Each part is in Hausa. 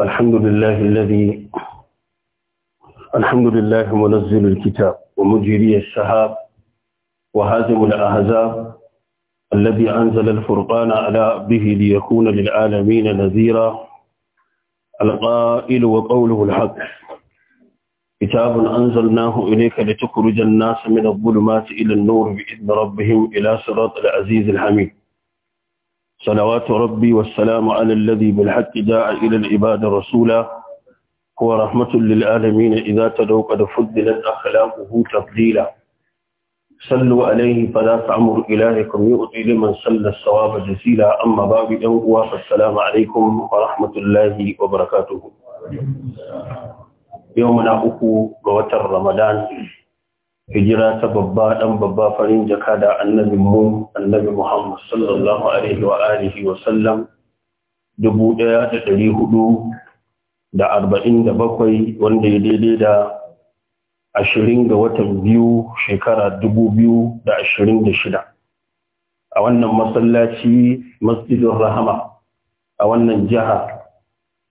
الحمد لله الذي الحمد لله منزل الكتاب ومجري السحاب وهازم الأحزاب الذي أنزل الفرقان على به ليكون للعالمين نذيرا القائل وقوله الحق كتاب أنزلناه إليك لتخرج الناس من الظلمات إلى النور بإذن ربهم إلى صراط العزيز الحميد صلوات ربي والسلام على الذي بالحق داع إلى العباد رسولا هو رحمة للعالمين إذا تدعو قد فضلت أخلاقه تفضيلا صلوا عليه فلا تعمر إلهكم يؤتي لمن صلى الصواب جزيلا أما باب الأنقوى فالسلام عليكم ورحمة الله وبركاته يومنا أخو بوتر رمضان hijira ta babba dan babba farin jaka da annabi mu annabi Muhammad sallallahu alaihi wa alihi wa sallam 1447 wanda ya daidai da 20 ga watan biyu shekara 2026 a wannan masallaci masjidin rahama a wannan jiha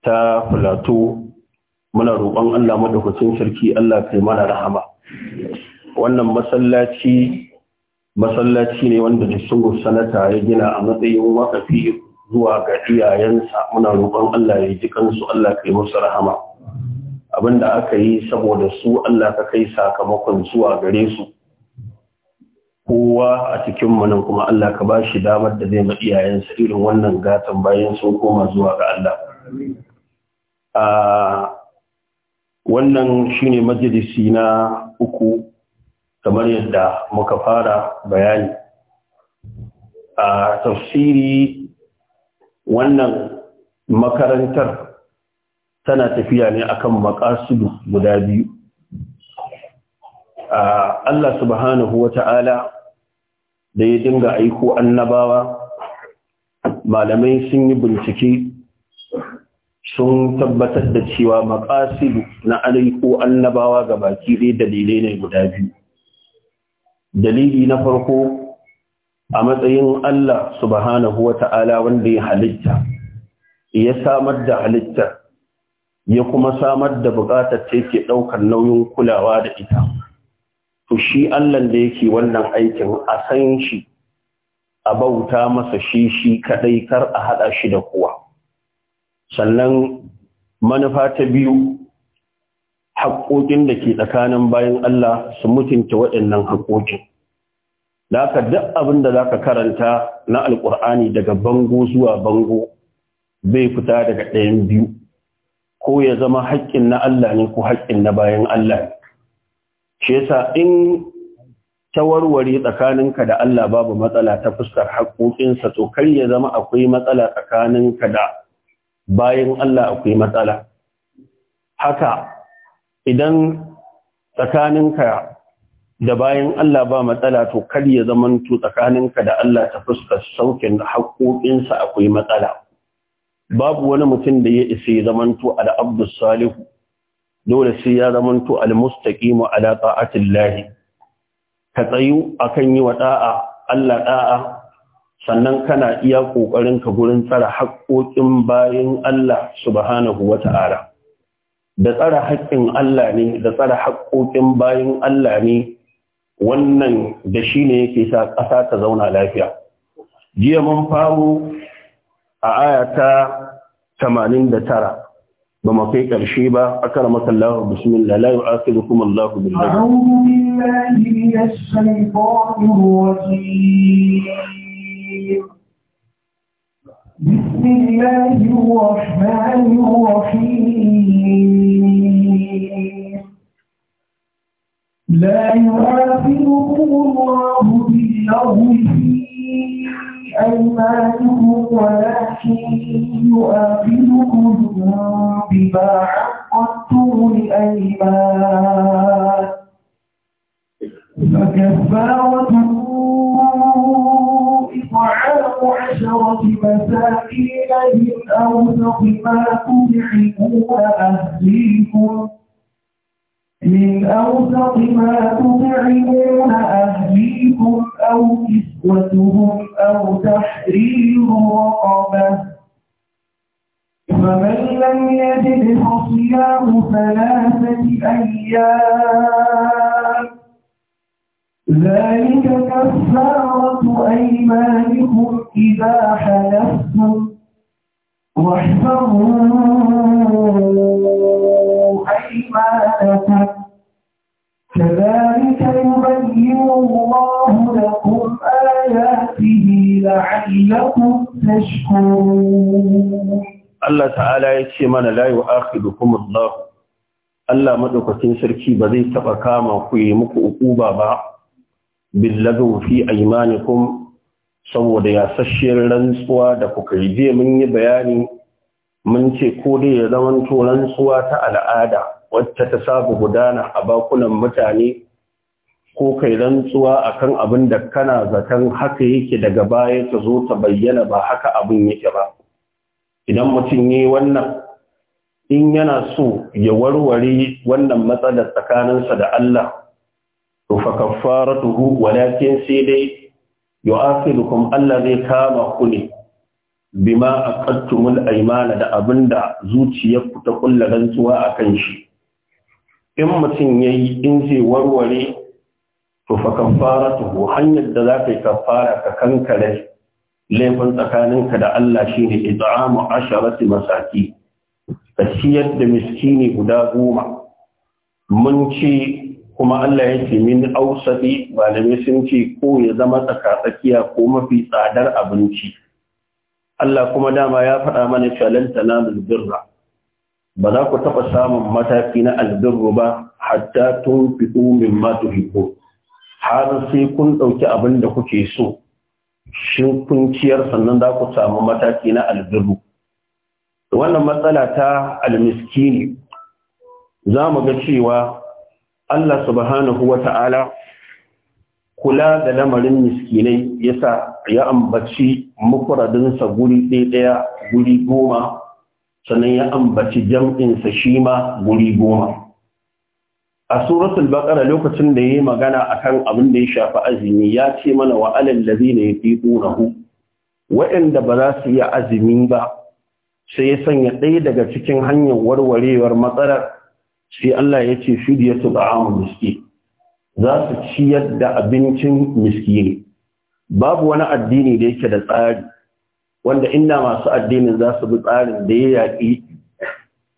ta filato muna roƙon Allah madaukakin sarki Allah kai mana rahama wannan masallaci masallaci ne wanda jisungu sanata ya gina a matsayin wakafi zuwa ga iyayensa muna roƙon Allah ya ji kansu Allah kai musu rahama abinda aka yi saboda su Allah ka kai sakamakon zuwa gare su kowa a cikin nan kuma Allah ka ba shi damar da zai ma iyayensa irin wannan gatan bayan sun koma zuwa ga Allah a ah, wannan shine majalisi na uku kamar yadda muka fara bayani a tafsiri wannan makarantar tana tafiya ne akan makasudu guda biyu a Allah subhanahu wata'ala da ya dinga aiko annabawa malamai sun yi bincike sun tabbatar da cewa makasidu na aiko annabawa ga baki dai dalilai ne guda biyu dalili na farko a matsayin Allah subhanahu wa ta'ala wanda ya halitta ya samar da halitta ya kuma samar da bukatar ta yake ɗaukar nauyin kulawa da ita to shi Allah da yake wannan aikin a san shi a bauta masa shi shi kaɗai kar a haɗa shi da kowa sannan manufa ta biyu haƙoƙin da ke tsakanin bayan Allah su mutunta waɗannan haƙoƙin. Da haka duk abin da za ka karanta na Alƙur'ani daga bango zuwa bango bai fita daga ɗayan biyu, ko ya zama haƙƙin na Allah ne ko haƙƙin na bayan Allah Shi yasa in ta warware tsakaninka da Allah babu matsala ta fuskar haƙoƙinsa to kar ya zama akwai matsala tsakaninka da bayan Allah akwai matsala. Haka idan tsakaninka da bayan Allah ba matsala to kar ya zamanto tsakaninka da Allah ta fuskar saukin haƙoƙinsa akwai matsala babu wani mutum da ya isa ya zamanto al'abdus salihu dole sai ya zamanto al-mustaqimu ala lahi. ka tsayu akan yi wa Ɗa'a, Allah Ɗa'a, sannan kana iya kokarin ka gurin tsara haƙoƙin bayan Allah subhanahu wata'ala da tsara haƙƙin Allah ne da tsara haƙƙoƙin bayan Allah ne wannan da shi ne yake sa ƙasa ta zauna lafiya. Jiya mun faru a ayata tamanin da tara ba mu kai ƙarshe ba a kara masallahu bismillah la yu'akidu kuma Allah bil ladhi. A'udhu billahi minash shaitanir rajim. بسم الله الرحمن الرحيم لا يؤاخذكم الله باللغو في أيمانكم ولكن يؤاخذكم بما عقدتم الأيمان فكفارته إطعام عشرة مساكين من أوسط ما تطعمون أهليكم من أوسط ما تطعمون أهليكم أو كسوتهم أو تحرير رقبة فمن لم يجد فصيام ثلاثة أيام ذلك كفارة أيمانكم إذا حلفتم واحفظوا أيمانكم كذلك يبين الله لكم آياته لعلكم تشكرون الله تعالى يتشي من لا يؤاخذكم الله Allah madaukakin sarki ba zai taɓa kama ku yi muku ukuba ba billahu fi aymanikum saboda yasasshiyar rantsuwa da kuka yi je mun yi bayani mun ce ko dai ya zaman to rantsuwa ta al'ada wacce ta saba gudana a bakunan mutane ko kai rantsuwa akan abin da kana zaton haka yake daga baya ta zo ta bayyana ba haka abin yake ba idan mutum yi wannan in yana so ya warware wannan matsalar tsakaninsa da Allah to fa kaffaratuhu walakin sai dai kuma Allah zai kama ku ne bima aqattumul aymana da abinda zuciyarku ta kulla rantsuwa akan shi in mutum ya yi in zai warware to fa kafara tuhu hanyar da za ka yi kafara ka kankare laifin tsakaninka da Allah shi ne ita'amu asharati masaki ka ciyar da miskini guda goma mun ce kuma Allah ya ce min ausadi malamai sun ce ko ya zama tsakiya ko mafi tsadar abinci Allah kuma dama ya faɗa mana shalanta namun birra ba za ku taɓa samun mataki na albirru ba hatta tun fi umin matu hiko har sai kun ɗauki abin da kuke so shin kun ciyar sannan za ku samu mataki na albirru wannan matsala ta almiskini za mu ga cewa Allah subhanahu wa ta'ala kula da lamarin miskinai yasa ya ambaci mukuradinsa guri ɗaya guri goma sannan ya ambaci jam'insa shi ma guri goma a suratul baqara lokacin da yayi magana akan abin da ya shafi azumi ya ce mana wa alal ladina yutiqunahu Waɗanda ba za su yi azumi ba sai ya sanya ɗaya daga cikin hanyar warwarewar matsalar sai Allah ya ce fidiyatu ta'amu miskin za su ciyar da abincin miskini babu wani addini da yake da tsari wanda inda masu addinin za su bi tsarin da ya yaƙi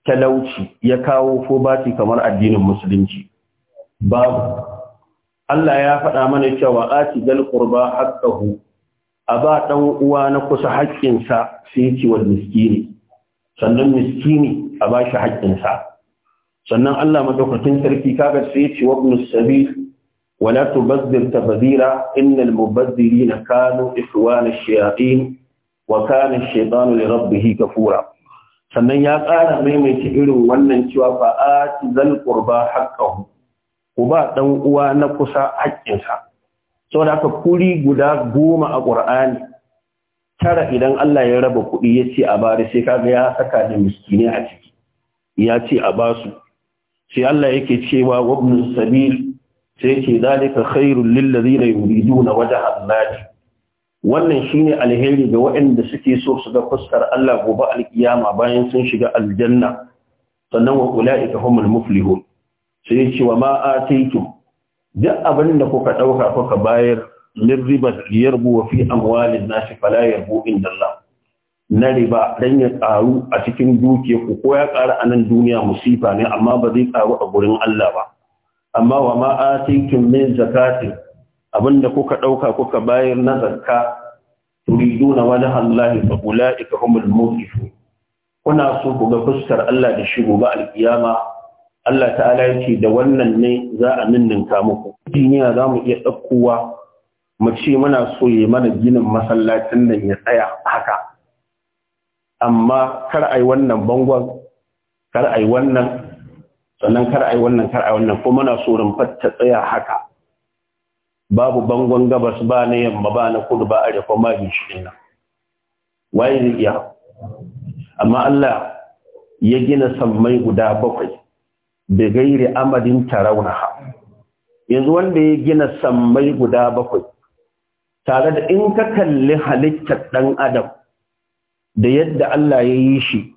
talauci ya kawo fobati kamar addinin musulunci babu Allah ya faɗa mana cewa ati gal ƙurba haƙƙahu, a ba ɗan uwa na kusa haƙƙinsa sai ce wa miskini sannan miskini a ba shi haƙƙinsa sannan Allah madaukakin sarki kaga sai ce wa ibn wala tubazzir tabazira innal mubazzirina kanu ikhwana ash-shayatin wa kana shaytanu li rabbih kafura sannan ya ƙara maimaita irin wannan cewa fa ati qurba haqqahu uba dan uwa na kusa haƙƙinsa saboda haka kuri guda goma a Qur'ani tara idan Allah ya raba kuɗi ya ce a bari sai kaga ya saka da miskini a ciki ya ce a basu sai Allah yake cewa wabnus sabil sai yake zalika khairul lil ladina yuriduna wajha Allah wannan shine alheri ga waɗanda suke so su ga fuskar Allah gobe alkiyama bayan sun shiga aljanna sannan wa ulaika humul muflihun sai yace wa ma ataitum duk abin da kuka dauka kuka bayar min riba yarbu wa fi amwalin nasi fala yarbu inda na riba dan ya karu a cikin duke ku ko ya karu a nan duniya musifa ne amma ba zai karu a gurin Allah ba amma wa ma ataitum min zakatin abinda kuka ɗauka kuka bayar na zakka turiduna wani Allah fa ulaika humul muqifu kuna so ku ga fuskar Allah da shigo ba alkiyama Allah ta'ala yake da wannan ne za a ninninka muku duniya za mu iya ɗaukowa mu ce muna so ya mana ginin masallacin nan ya tsaya haka amma kar ai wannan bangon kar ai wannan sannan kar ai wannan kar ai wannan ko muna so rumfar ta tsaya haka babu bangon gabas ba na yamma ba na kudu ba arewa ma bi shi nan waye zai iya amma Allah ya gina sammai guda bakwai da gairi amadin ha. yanzu wanda ya gina sammai guda bakwai tare da in ka kalli halittar ɗan adam da yadda Allah ya yi shi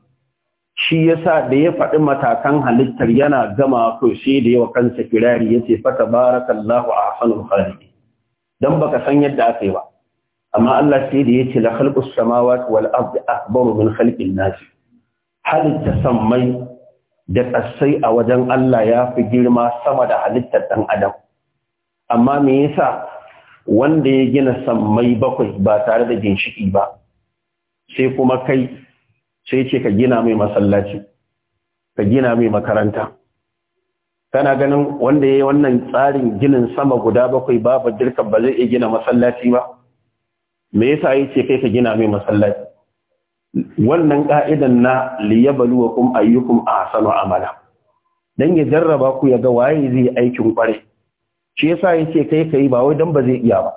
shi yasa da ya faɗi matakan halittar yana gama to sai da yawa kansa kirari ya ce "Fata barakallahu tabarakallahu ahsanul don dan baka san yadda aka yi ba amma Allah sai da yace la khalqus samawati wal ardi akbaru min khalqin nas halitta samai da ƙasai a wajen Allah ya fi girma sama da halittar ɗan adam amma me yasa wanda ya gina samai bakwai ba tare da ginshiki ba sai kuma kai sai ce ka gina mai masallaci ka gina mai makaranta kana ganin wanda ya yi wannan tsarin ginin sama guda bakwai babu dirkan ba zai gina masallaci ba me yasa ya ce kai ka gina mai masallaci wannan ka'idan na liyabluwakum ayyukum ahsanu amala dan ya jarraba ku ya ga waye zai aikin kware shi yasa yace kai kai ba wai dan ba zai iya ba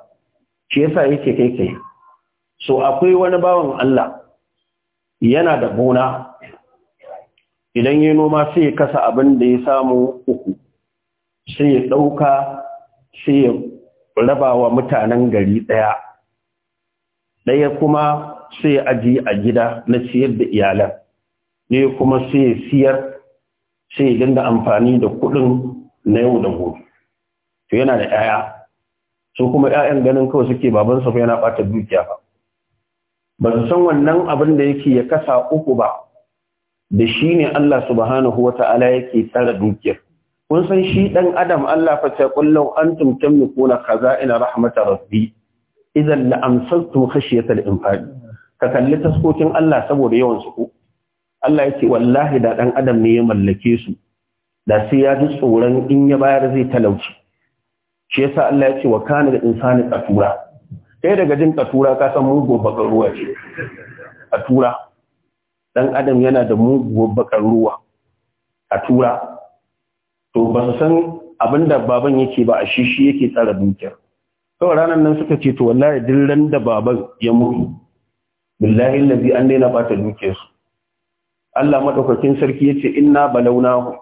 shi yasa yace kai kai so akwai wani bawan Allah yana da gona idan ya noma sai ya kasa abin da ya samu uku sai ya ɗauka sai ya raba wa mutanen gari ɗaya ɗaya kuma sai ya a gida na siyar da iyalan ɗaya kuma sai siyar sai ya dinga amfani da kuɗin na yau da gobe to yana da 'ya'ya su kuma 'ya'yan ganin kawai suke babansa fa yana ɓata dukiya ba ba su san wannan abin da yake ya kasa uku ba da shi ne Allah subhanahu wata'ala yake tsara dukiyar kun san shi dan adam Allah fa ta kullu antum tamlikuna ina rahmatar rabbi idan la amsaltu khashiyatal infaq ka kalli taskokin Allah saboda yawan su ku Allah yake wallahi da dan adam ne ya mallake su da sai ya ji tsoron in ya bayar zai talauci shi yasa Allah yake wa kana da insani qasura sai daga jin tura ka san mugun bakar ruwa ce A tura, dan adam yana da mugun bakar ruwa A tura, to ba san abinda baban yake ba a shishi yake tsara dukiyar kawai ranar nan suka ce to wallahi dillan da baban ya mutu billahi allazi an daina bata dukiyar su Allah madaukakin sarki yace inna balawnahu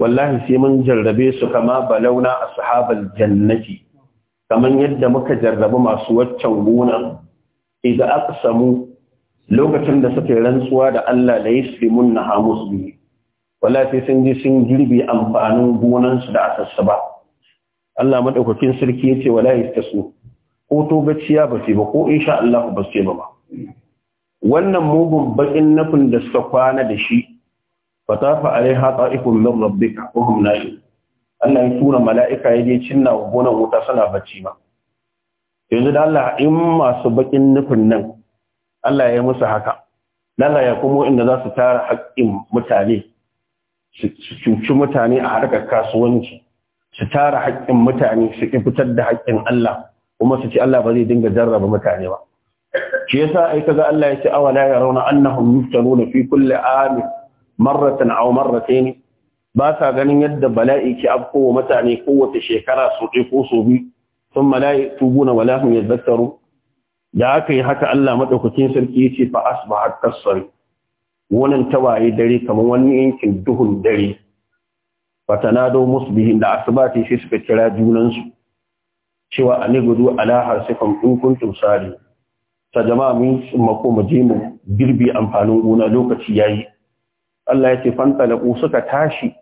wallahi sai mun jarrabe su kama balawna ashabal jannati kamar yadda muka jarrabu masu waccan gona idan aka samu lokacin da suka rantsuwa da Allah da yaslimun na hamus bi wala sai sun ji sun girbe amfanin gonan su da asassa ba Allah madaukakin sarki yace wala yastasu ko to gaciya ba ce ba ko insha Allah ba ce ba wannan mugun bakin nafin da suka kwana da shi fatafa alaiha ta'ifun min rabbika wa hum na'im Allah ya tura mala'ika ya je cinna wa gonan wuta suna bacci ba yanzu da Allah in masu baƙin nufin nan Allah ya musu haka Allah ya kuma inda za su tara haƙƙin mutane su cuci mutane a harkar kasuwanci su tara haƙƙin mutane su fitar da haƙƙin Allah kuma su ci Allah ba zai dinga jarraba mutane ba shi yasa ai kaga Allah ya ce awala ya rauna annahum yuftanuna fi kulli amin marratan aw marratayn ba sa ganin yadda bala'i ke afko wa mutane kowace shekara su ɗai ko su bi sun mala'i tubu na walahun ya zattaru da aka yi haka Allah maɗaukakin sarki ce fa asba a kasar wannan tawaye dare kamar wani yankin duhun dare musu bihin da asibati sai suka kira junansu cewa ani gudu ala in kun ta jama'a mun mako mu je mu girbi amfanin gona lokaci yayi Allah ya ce da suka tashi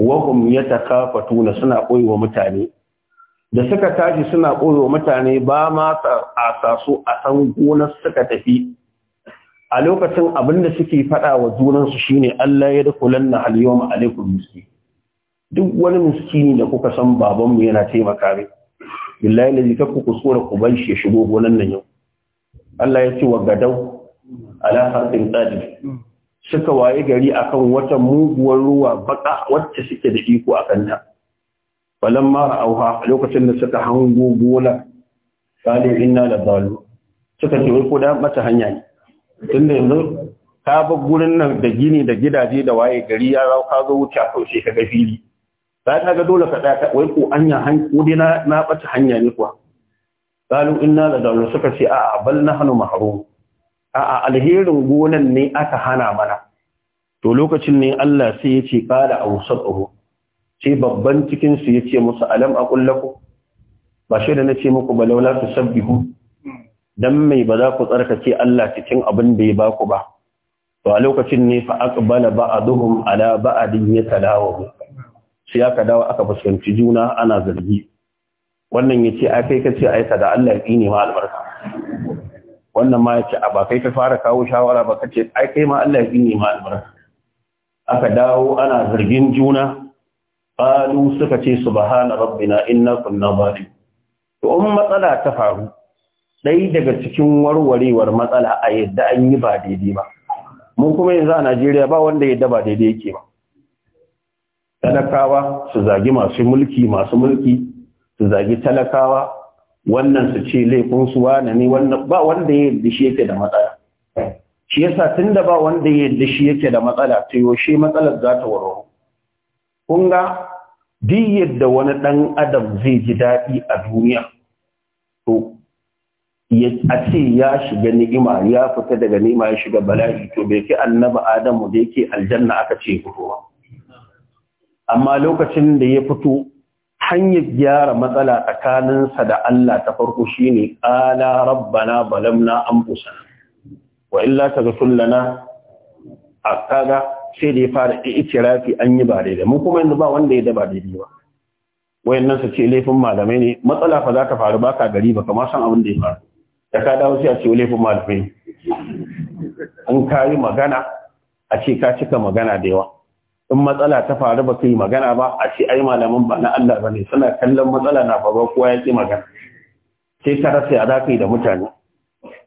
wahum ya takafatuna suna koyewa mutane da suka tashi suna koyewa mutane ba ma a sasu a san gonar suka tafi a lokacin abin da suke faɗa wa junansu shine Allah ya dukulan na alyawma alaikum miski duk wani miskini da kuka san babanmu yana taimaka mai billahi lazi ka ku kusura ku bar shi ya shigo gonan nan yau Allah ya ce wa gadau ala harbin suka waye gari akan wata muguwar ruwa baka wacce suke da iko a kanta auha a lokacin da suka hango gola qalu inna la dalu suka ce wai ko da mata hanya ne tunda yanzu ka ba gurin nan da gini da gidaje da waye gari ya zo ka zo wuce a sai ka ga fili sai na ga dole ka tsaya wai ko anya han ko dai na na bata hanya ne kuwa qalu inna la dalu suka ce a'a bal nahnu mahrum a'a alherin gonan ne aka hana mana to lokacin ne Allah sai ya ce qala awsatuhu sai babban cikin su yace musu alam aqul lakum ba shi da nace muku ba, balawla tusabbihu dan mai ba za ku tsarkake Allah cikin abin da ya baku ba to a lokacin ne fa aqbala ba'duhum ala ba'd yatalawu sai aka dawo aka fuskanci juna ana zargi wannan yace ai kai kace ai da Allah ya kine ma albarka wannan ma yace a ba kai ta fara kawo shawara ba kace ai kai ma Allah ya ma albarka aka dawo ana zargin juna qalu suka ce subhana rabbina inna kunna zalim to in matsala ta faru dai daga cikin warwarewar matsala a yadda an yi ba daidai ba mun kuma yanzu a Najeriya ba wanda yadda ba daidai yake ba talakawa su zagi masu mulki masu mulki su zagi talakawa wannan su ce laifin su wane ne ba wanda ya yadda shi yake da matsala shi yasa da ba wanda ya yadda shi yake da matsala to yaushe matsalar za ta warware kun ga duk yadda wani ɗan adam zai ji daɗi a duniya to a ce ya shiga ni'ima ya fita daga ni'ima ya shiga bala'i to bai fi annabi adamu da yake aljanna aka ce fito ba amma lokacin da ya fito hanyar gyara matsala tsakaninsa da Allah ta farko shine qala rabbana balamna busa wa illa taghfir lana akaga sai da ya fara ikirafi an yi ba daidai mun kuma yanzu ba wanda ya daba daidai ba nan su ce laifin malamai ne matsala fa za ta faru ba ka gari ba kamar san abin da ya faru da ka dawo sai a ce laifin malamai an kayi magana a ce ka cika magana da yawa in matsala ta faru ba magana ba a ce ai malaman ba na Allah ba ne suna kallon matsala na faruwa kowa ya ki magana sai ka rasa ya zakai da mutane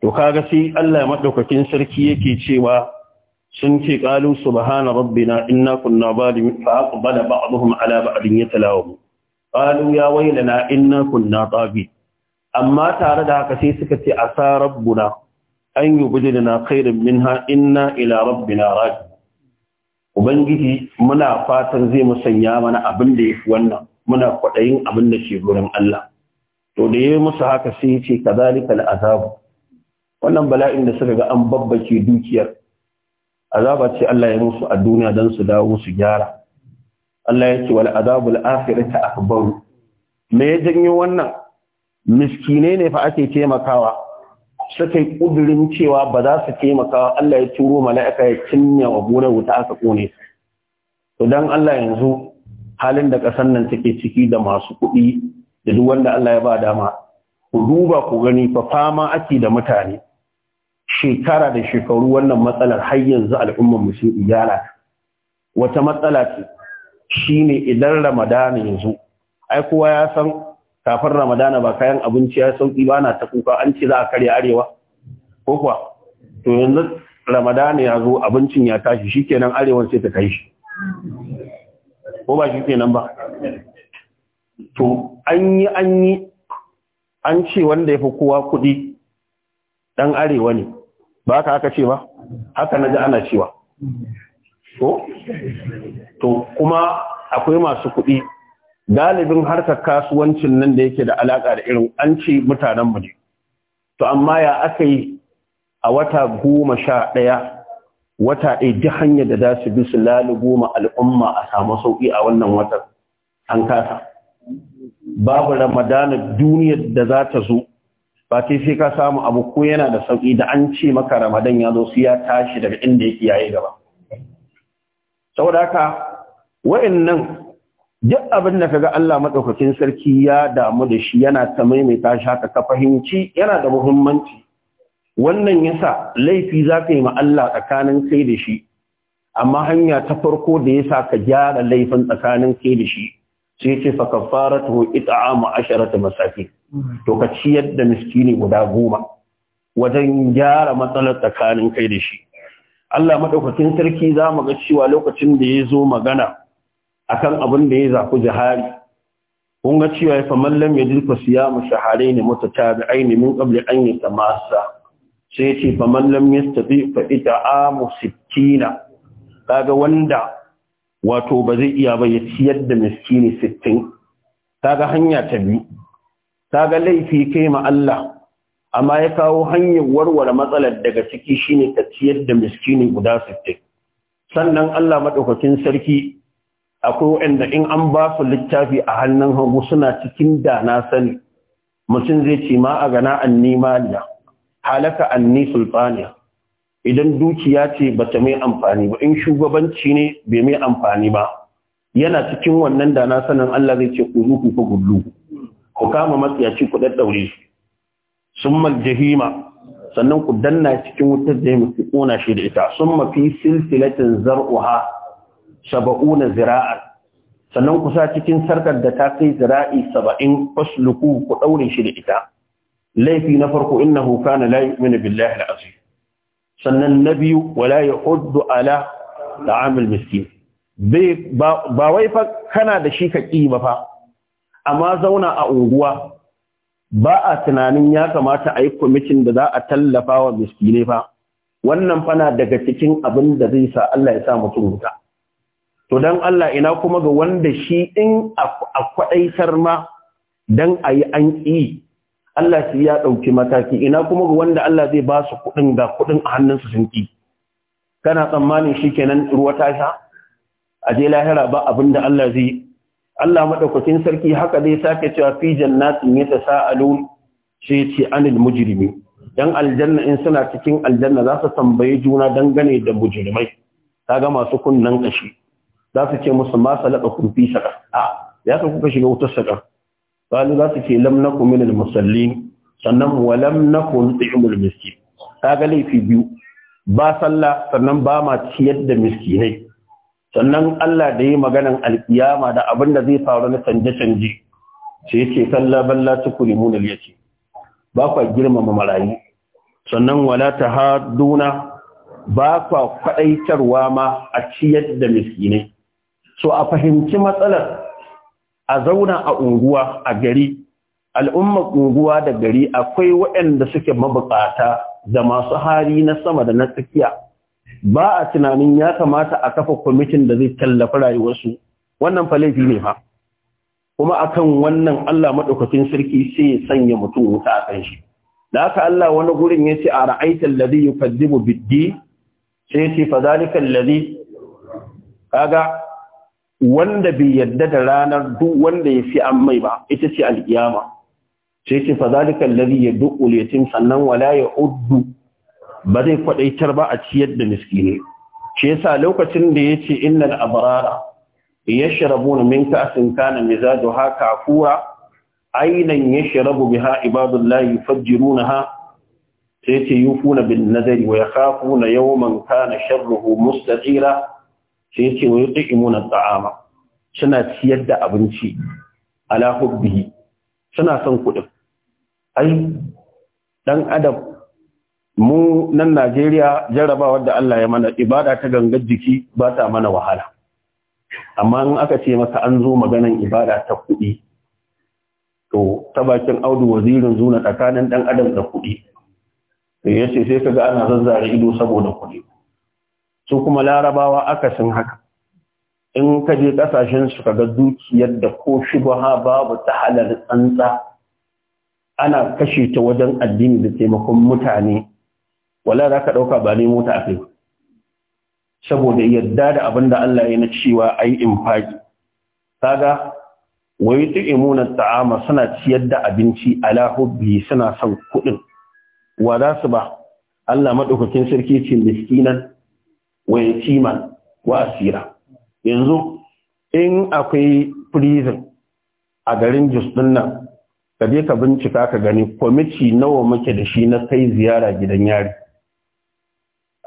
to kaga sai Allah maɗaukakin sarki yake cewa sun ce qalu subhana rabbina inna kunna zalimin fa aqbala ba'dhum ala ba'din yatalawum qalu ya waylana inna kunna taghi amma tare da haka sai suka ce asa rabbuna an yubdilna khairan minha inna ila rabbina raji ubangiji muna fatan zai musanya mana abin da ya fi wannan muna kwaɗayin abin da ke gurin Allah to da ya yi musu haka sai ya ce kazalikal azabu wannan bala'in da suka ga an babbace dukiyar azaba ce Allah ya musu a duniya don su dawo su gyara Allah ya ce wal azabul ta akbaru me ya janyo wannan miskine ne fa ake taimakawa suka yi ƙudurin cewa ba za su taimaka Allah ya turo mala'ika ya cinye wa gonar wuta aka ƙone su. To don Allah yanzu halin da ƙasar nan take ciki da masu kuɗi da duk wanda Allah ya ba dama. Ku duba ku gani fa fama ake da mutane. Shekara da shekaru wannan matsalar har yanzu al'ummar musu sun iyala. Wata matsala ce Shi ne idan Ramadana yanzu. Ai kowa ya san kafin ramadana ba kayan abinci ya sauki ba na ta kuka an ce za a karya arewa ko kuwa to yanzu ramadana ya zo abincin ya tashi shikenan arewan sai ta kai shi ko ba shikenan ba to an yi an yi an ce wanda ya fi kowa kuɗi ɗan arewa ne ba haka aka ce ba haka na ji ana cewa to kuma akwai masu kuɗi galibin harkar kasuwancin nan da yake da alaƙa da irin an ce mutanen mu ne to amma ya aka yi a wata goma sha ɗaya wata ɗaya duk hanyar da za su bi su lalu goma al'umma a samu sauƙi a wannan watan an kasa babu ramadana duniyar da za ta zo ba sai sai ka samu abu ko yana da sauƙi da an ce maka ramadan ya zo su ya tashi daga inda yake yayi gaba saboda haka wa'annan duk abin da kaga Allah madaukakin sarki ya damu da shi yana ta maimaita shi haka ka fahimci yana da muhimmanci wannan yasa laifi za ka yi ma Allah tsakanin kai da shi amma hanya ta farko da yasa ka gyara laifin tsakanin kai da shi sai ce fa kafaratu it'amu asharata masakin to ka ciyar da miskini guda goma wajen gyara matsalar tsakanin kai da shi Allah madaukakin sarki za mu ga cewa lokacin da ya zo magana akan abin da ya zafi jihari kun ga cewa ya faman lam yajid fa siyamu shahrayn ne min qabli an masa, sai ce faman lam yastati fa it'amu 60 kaga wanda wato ba zai iya ba ya ciyar da miskini 60 kaga hanya ta biyu kaga laifi kai ma Allah amma ya kawo hanyar warware matsalar daga ciki shine ka ciyar da miskini guda sittin. sannan Allah madaukakin sarki akwai waɗanda in an ba su littafi a hannun hagu suna cikin da na sani mutum zai ce ma a gana nima maliya halaka ni sultaniya idan dukiya ce ba ta mai amfani ba in shugabanci ne bai mai amfani ba yana cikin wannan da na sanin Allah zai ce kuruku ko gullu ku kama matsayaci ku daddaure su summa jahima sannan ku danna cikin wutar da ya kona shi da ita sun mafi silsilatin zar'uha saba'una zira'ar sannan kusa cikin sarkar da ta kai zira'i saba'in fasluku ku daure shi da ita laifi na farko innahu kana la yu'minu billahi al-azim sannan na biyu wala yahuddu ala ta'amul miskin ba wai fa kana da shi ka ƙi ba fa amma zauna a unguwa ba a tunanin ya kamata a yi kwamitin da za a tallafa wa miskine fa wannan fana daga cikin abin da zai sa Allah ya sa mutum wuta to dan Allah ina kuma ga wanda shi in a kwadaitar ma dan ayi an yi Allah shi ya dauki mataki ina kuma ga wanda Allah zai ba su kudin ga kudin a hannunsu sun yi kana tsammanin shikenan ruwa ta sha a je lahira ba abinda Allah zai Allah madaukakin sarki haka zai sake cewa fi jannatin yatasaalun shi ce anil mujrimi dan aljanna in suna cikin aljanna za su tambaye juna dangane da mujrimai kaga masu kunnan kashi za su ce musu ma salaka kun fi saka a ya ka kuka shiga wutar saka qalu za su ce lam nakum min al sannan wa lam nakun tu'imul miskin kaga laifi biyu ba sallah sannan ba ma ciyar da miskinai sannan Allah da yi maganan alkiyama da abin da zai faru na canje-canje sai yake salla balla tukrimuna yace ba kwa girmama marayu sannan wala tahaduna ba kwa kwaɗaitarwa ma a ciyar da miskinai so a fahimci matsalar a zauna a unguwa a gari al'ummar unguwa da gari akwai waɗanda suke mabukata da masu hari na sama da na tsakiya ba a tunanin ya kamata a kafa kwamitin da zai tallafi rayuwarsu wannan falafi ne ha kuma akan wannan Allah maɗaukafin sarki sai ya sanya mutum wuta a kan shi da haka Allah wani gurin ya ce a ra'aita alladhi yukadibu biddi sai ya ce fa zalika alladhi kaga wanda bai yadda da ranar duk wanda ya fi an mai ba ita ce alkiyama sai ce fa zalika alladhi yad'u yatim sannan wala ya'uddu ba zai kwadaitar ba a ciyar da miskine shi yasa lokacin da yace innal abrara yashrabuna min ka'sin kana mizajuha kafura aynan yashrabu biha ibadullahi yufajjirunaha sai ce yufuna bin nazari wa yakhafuna yawman kana sharruhu mustatira sai yace wa imuna ta'ama suna ciyar da abinci ala hubbi suna son kuɗin ai dan adam mu nan Najeriya jarabawar da Allah ya mana ibada ta gangar jiki ba ta mana wahala amma in aka ce masa an zo maganan ibada ta kuɗi to ta bakin audu wazirin zuna tsakanin ɗan adam da kuɗi ya yace sai kaga ana zazzare ido saboda kuɗi su kuma larabawa akasin haka in ka je kasashen su kaga dukiyar da ko shubha babu ta halal tsantsa ana kashe ta wajen addini da taimakon mutane wala za ka ɗauka ba ne mota a kai saboda yadda da abin da Allah ya na cewa a yi infaki kaga wai tu'imunan ta'ama suna ciyar da abinci ala hubbi suna son kuɗin wa za su ba Allah maɗaukakin sarki ce miskinan wa yatima wa asira yanzu in akwai prison a garin Jos din nan ka je ka bincika ka gani kwamiti nawa muke da shi na kai ziyara gidan yari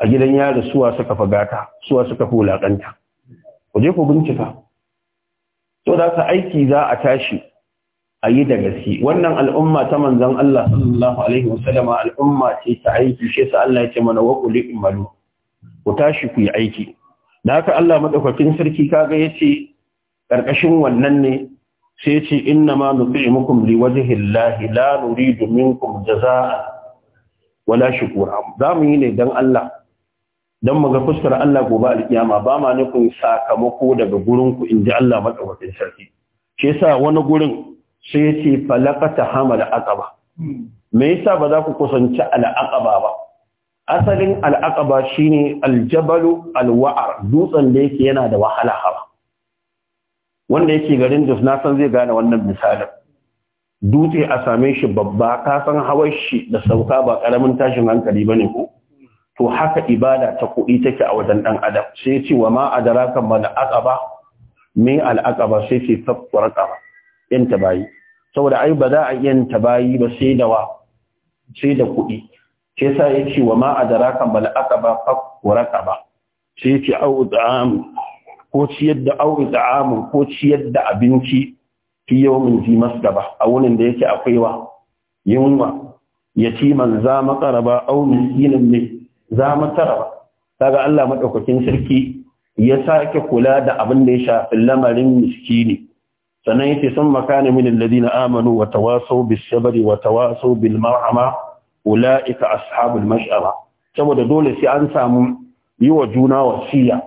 a gidan yari suwa suka fagata suwa suka ku je ku bincika to da ka aiki za a tashi a yi da gaske wannan al'umma ta manzon Allah sallallahu alaihi wasallama al'umma ce ta aiki shi sa Allah ya ce mana wa qul imalu ku tashi ku yi aiki da haka Allah madaukakin sarki kaga yace karkashin wannan ne sai yace inna ma nuti'imukum liwajhi llahi la nuridu minkum jazaa'a wala shukura zamu yi ne dan Allah dan mu ga fuskar Allah gobe alkiyama ba ma ku sakamako daga gurin ku inji Allah madaukakin sarki shi yasa wani gurin sai yace falaqata hamal aqaba hmm. me yasa ba za ku kusanci al aqaba ba asalin shi shine aljabalu alwa'ar dutsen da yake yana da wahala hawa wanda yake garin Jos na san zai gane wannan misalin dutse a same shi babba ka san hawar shi da sauka ba ƙaramin tashin hankali ba ne ko to haka ibada ta kuɗi take a wajen ɗan adam sai ce wa ma adraka mal aqaba me al sai ce tafwar aqaba yanta bayi saboda ai ba za a yanta tabayi ba sai da sai da kuɗi shi sa yace wa ma adraka bal aqaba fakku raqaba sai yace au ko ciyar da au ko ciyar da abinci fi yawmin fi masdaba a wurin da yake akwai wa yunwa yatiman za maqaraba au miskinan ne za mataraba kaga Allah madaukakin sarki ya sake kula da abin da ya shafi lamarin miskini sannan yace sun makana min alladhina amanu wa tawasaw bis sabri wa tawasaw bil marhama ula'ika ashabul mash'ara saboda dole sai an samu yi wa juna wasiya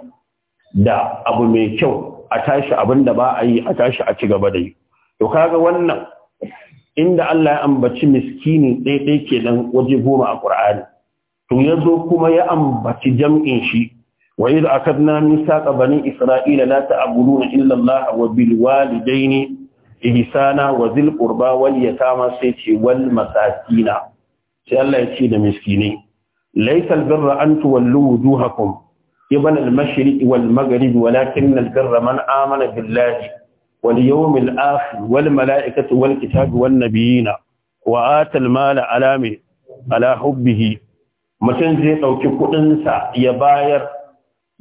da abu mai kyau a tashi abin da ba a yi a tashi a ci gaba da yi to kaga wannan inda Allah ya ambaci miskini ɗaiɗai nan waje goma a Ƙur'ani. to ya zo kuma ya ambaci jam'in shi wa idh akadna mithaqa bani isra'ila la ta'buduna illa illallah wa bil walidaini ihisana wa dhil qurba wal yatama sai ce wal masakina sai Allah ya ce da miskinai laysal birra an tuwallu wujuhakum ibn al-mashriq wal maghrib walakin al man amana billahi wal yawmil akhir wal mala'ikati wal kitabi wan nabiyina wa atal mala ala mi ala hubbihi mutum zai dauki kudin sa ya bayar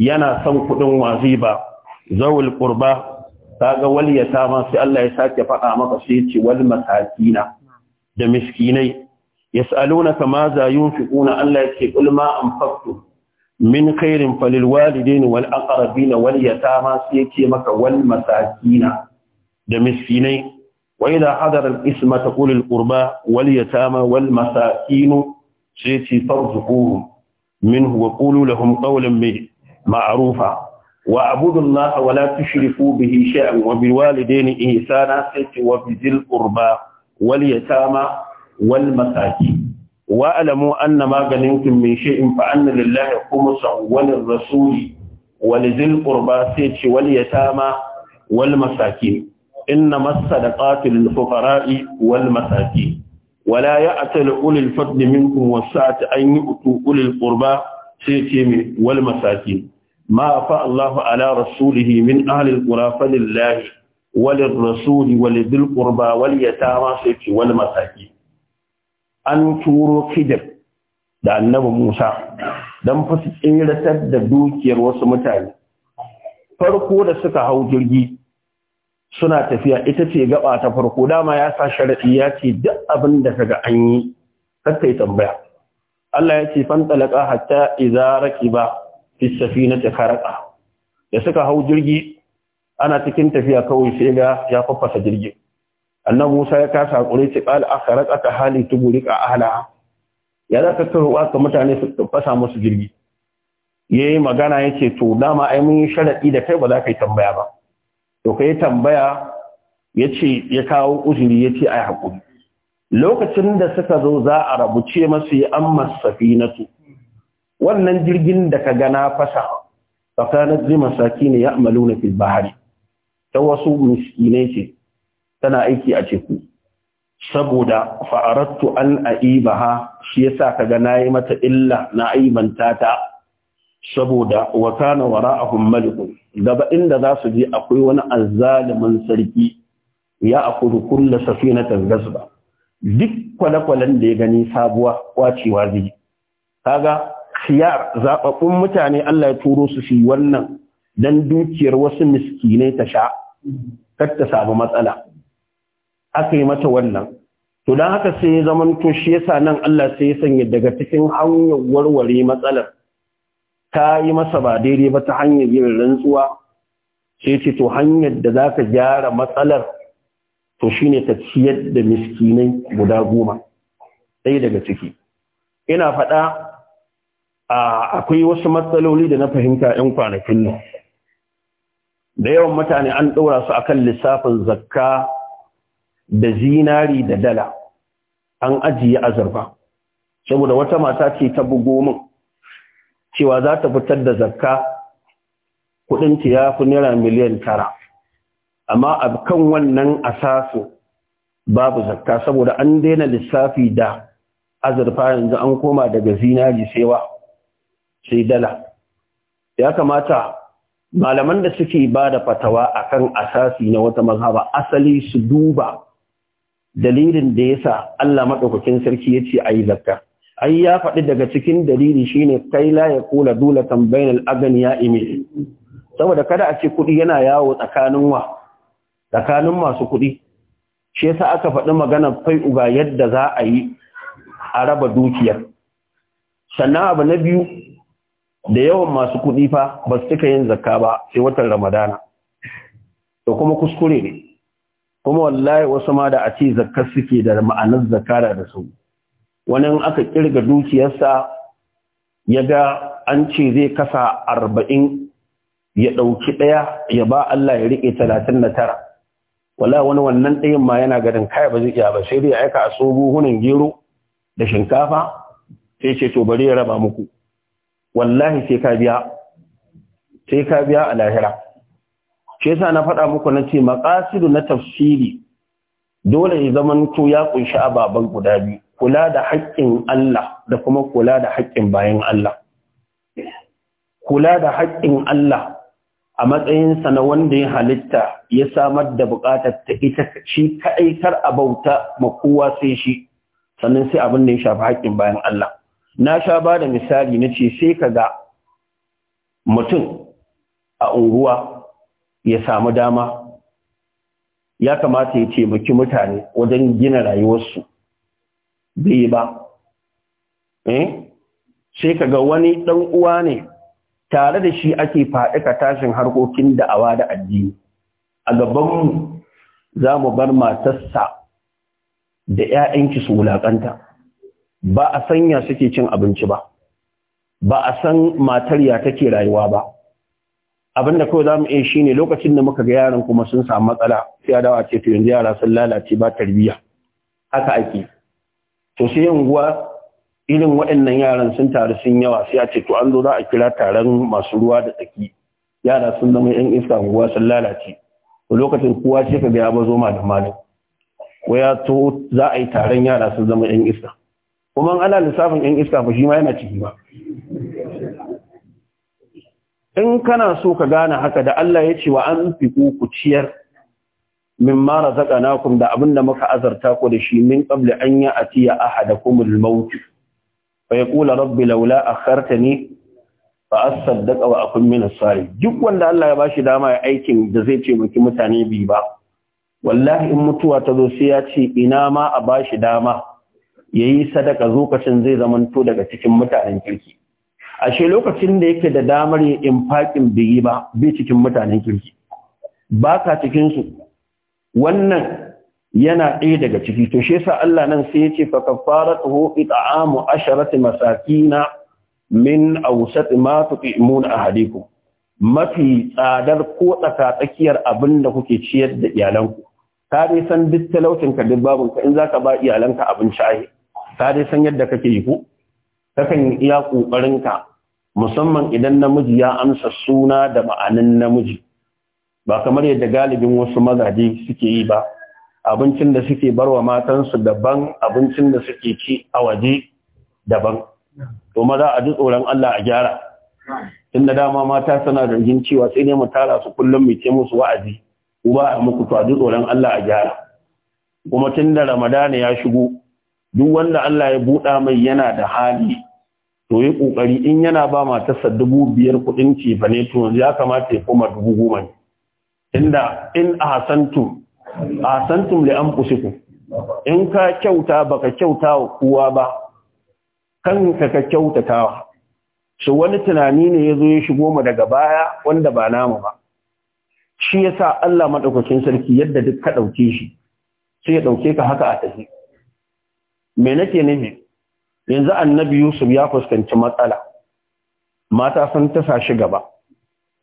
yana son kudin waziba zawul qurba kaga waliyata sama sai Allah ya sake faɗa maka sai ce wal masakina da miskinai yas'alunaka ma za yunfiquna Allah ke kulma ma anfaqtum min khairin falil walidaini wal aqrabina wal yatama sai maka wal masakina da miskinai wa idha hadara al isma taqul al qurba wal yatama wal masakin sai farzuquhum minhu wa qulu lahum qawlan ma'rufa wa abudu Allah wa la tushriku bihi shay'an wa bil ihsana sai wa bizil qurba wal yatama wal masaki wa alamu anna maganinkum min shay'in fa anna lillahi khumsahu wal rasuli wal dhil qurba sai ce wal yatama wal masakin inna masadaqatu lil fuqara'i wal masakin wala ya'tal ulil fadli minkum wasa'ati an yu'tu ulil qurba sai ce ma Allahu ala rasulihi min ahli al qura falillahi وللرسول ولذي القربى واليتامى سيتي والمساكين an turo Kijir da annabi musa don fasu tseratar da dukiyar wasu mutane farko da suka hau jirgi suna tafiya ita ce gaba ta farko dama ya sa sharaɗi ya ce duk abin da kaga an yi kakkai tambaya Allah ya ce talaka hatta iza raqiba na safinati kharaqa da suka hau jirgi ana cikin tafiya kawai sai ga ya faffasa jirgin annabi Musa ya kasa hakuri ce qala akhraqaka hali tuburika ahla ya zaka ka ka mutane su fasa musu jirgi yayi magana yace to dama ai mun sharadi da kai ba za ka yi tambaya ba to kai tambaya yace ya kawo uzuri yace ai hakuri lokacin da suka zo za a rabu ce masu yi amma safinatu wannan jirgin da ka gana fasa tsakanin zai masaki ne ya amalu na fil bahari ta wasu miskinai ce tana aiki a teku saboda fa'arattu an ha, shi yasa na yi mata illa na aibanta ta saboda wa wara a malikun gaba inda za su je akwai wani azzalimin sarki ya akuru kullu na gasba duk kwale-kwalen da ya gani sabuwa kwacewa zai kaga khiyar zaɓaɓɓun mutane Allah ya turo su shi wannan dan dukiyar wasu miskinai ta sha kar ta samu matsala aka yi mata wannan to don haka sai ya zama to shi yasa nan Allah sai ya sanya daga cikin hanyar warware matsalar ta yi masa ba daidai ba ta hanyar yin rantsuwa sai ce to hanyar da za ka gyara matsalar to shine ka ciyar da miskinai guda goma ɗaya daga ciki ina faɗa akwai wasu matsaloli da na fahimta 'yan kwanakin nan da yawan mutane an ɗora su akan lissafin zakka da zinari da dala an ajiye azurfa saboda wata mata ce ta bugo min cewa za ta fitar da zakka kudin ta ya fi naira miliyan tara amma a kan wannan asasu babu zakka saboda an daina lissafi da azurfa yanzu an koma daga zinari saiwa sai dala ya kamata malaman da suke ba da fatawa akan asasi na wata mazhaba asali su duba dalilin da ya sa Allah maɗaukakin sarki ya ce a yi zakka ai ya faɗi daga cikin dalili shine kai la ya kula dulatan bainal aganiya imi saboda kada a ce kuɗi yana yawo tsakanin wa tsakanin masu kuɗi shi yasa aka faɗi magana fai uba yadda za a yi a raba dukiyar sannan abu na biyu da yawan masu kuɗi fa ba su cika yin zakka ba sai watan ramadana da kuma kuskure ne kuma wallahi wasu ma da a ce zakka suke da ma'anar zakara da su wani aka kirga dukiyarsa ya ga an ce zai kasa arba'in ya ɗauki ɗaya ya ba Allah ya riƙe talatin na tara wala wani wannan ɗayan ma yana ganin kaya ba zai iya ba sai dai aika a tsobo hunan gero da shinkafa sai ce to bari ya raba muku wallahi sai ka biya a lahira shi yasa na faɗa muku na ce maƙasidu na tafsiri dole ya zamanto ya kunshi ababen guda biyu kula da haƙƙin Allah da kuma kula da haƙƙin bayan Allah kula da haƙƙin Allah a matsayinsa na wanda ya halitta ya samar da buƙatar ta ita shi kaɗai kar a bauta ma kowa sai shi sannan sai abin da ya shafi haƙƙin bayan Allah na sha ba da misali na ce sai ka ga mutum a unguwa ya samu dama ya kamata ya taimaki mutane wajen gina rayuwarsu bai ba eh? sai ka ga wani ɗan uwa ne tare da shi ake faɗika tashin harkokin da'awa da addini a gabanmu za mu bar matarsa da 'ya'yanki su wulaƙanta ba a sanya suke cin abinci ba ba a san matar ya take rayuwa ba abinda kawai za mu iya shi ne lokacin da muka ga yaran kuma sun samu matsala sai ya dawa ce to yanzu yara sun lalace ba tarbiyya haka ake to sai guwa irin waɗannan yaran sun taru sun yawa sai a ce to an zo za a kira taron masu ruwa da tsaki yara sun zama yan iska unguwa sun lalace to lokacin kowa sai ka ga ya bazo malam malam ko to za a yi taron yara sun zama yan iska kuma ana lissafin yan iska ba shi ma yana ciki ba in kana so ka gane haka da Allah ya ce wa an fiku ku ciyar min mara razaqnakum da abin da muka azarta ku da shi min qabli an ya atiya ahadakumul maut fa yaqulu rabbi laula akhartani fa asaddaqa wa akun min as-salih duk wanda Allah ya bashi dama ya aikin da zai ce miki mutane bi ba wallahi in mutuwa ta zo sai ya ce ina ma a bashi dama yayi sadaka lokacin zai zamanto daga cikin mutanen kirki ashe lokacin da yake da damar yin infaƙin biyi ba bi cikin mutanen kirki ba ka su wannan yana ɗaya daga ciki to shi yasa Allah nan sai ya ce fa kafaratuhu it'amu asharati masakina min awsat ma tuqimun ahadikum mafi tsadar ko tsaka tsakiyar abin da kuke ciyar da iyalanku ka dai san duk talaucin ka duk babun ka in zaka ba iyalanka abin ai ka dai san yadda kake yi ku, kakan iya kokarin ka musamman idan namiji ya amsa suna da ma'anin namiji ba kamar yadda galibin wasu mazaje suke yi ba abincin da suke barwa matansu daban abincin da suke ci a waje daban to maza a ji tsoron Allah a gyara tunda dama mata suna da jin cewa sai ne mu tara su kullum mu ce musu wa'azi uba a muku to a ji tsoron Allah a gyara kuma tunda Ramadana ya shigo duk wanda Allah ya buɗa mai yana da hali to yi ƙoƙari in yana ba matarsa dubu biyar kuɗin cefa ne to ya kamata ya koma dubu goma ne inda in a hasantum a hasantum li an in ka kyauta baka kyauta wa kowa ba Kan ka kyauta kawa. shi wani tunani ne ya zo ya shigo mu daga baya wanda ba namu ba shi yasa Allah madaukakin sarki yadda duk ka ɗauke shi sai ya dauke ka haka a tafi me nake nufi yanzu annabi yusuf ya fuskanci matsala mata sun ta shi gaba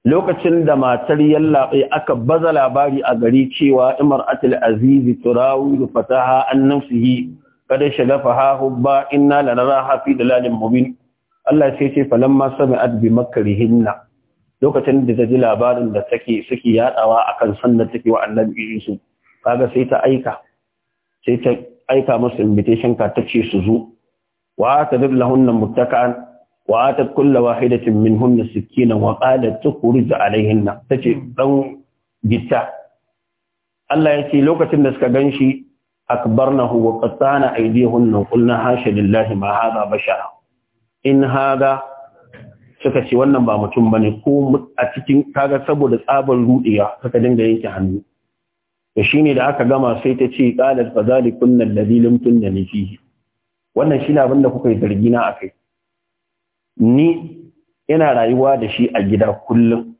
lokacin da matar yallaɓe eh, aka baza labari a gari cewa imar atil azizi turawu da fataha an nafsihi kada shiga faha hubba inna la nara hafi da lalin mubin Allah sai ce falamma sami'at bi makrihinna lokacin da ta labarin da take suke yadawa akan sannan take wa annabi Yusuf kaga sai ta aika sai ta aika musu invitation ka ta ce su zo وآتت لهن متكئا وآتت كل واحدة منهن سكينا وقالت تخرج عليهن تجي دون جتا الله يتي lokacin da suka ganshi akbarnahu wa qattana aydihunna qulna hasha lillahi ma hadha bashara in hadha suka ce wannan ba mutum bane ko a cikin kaga saboda tsabar rudiya suka dinga yanke hannu to ne da aka gama sai ta ce qalat fadhalikunna alladhi lam tunni wannan shine abin da kuka yi zargi na kai. ni yana rayuwa da shi a gida kullum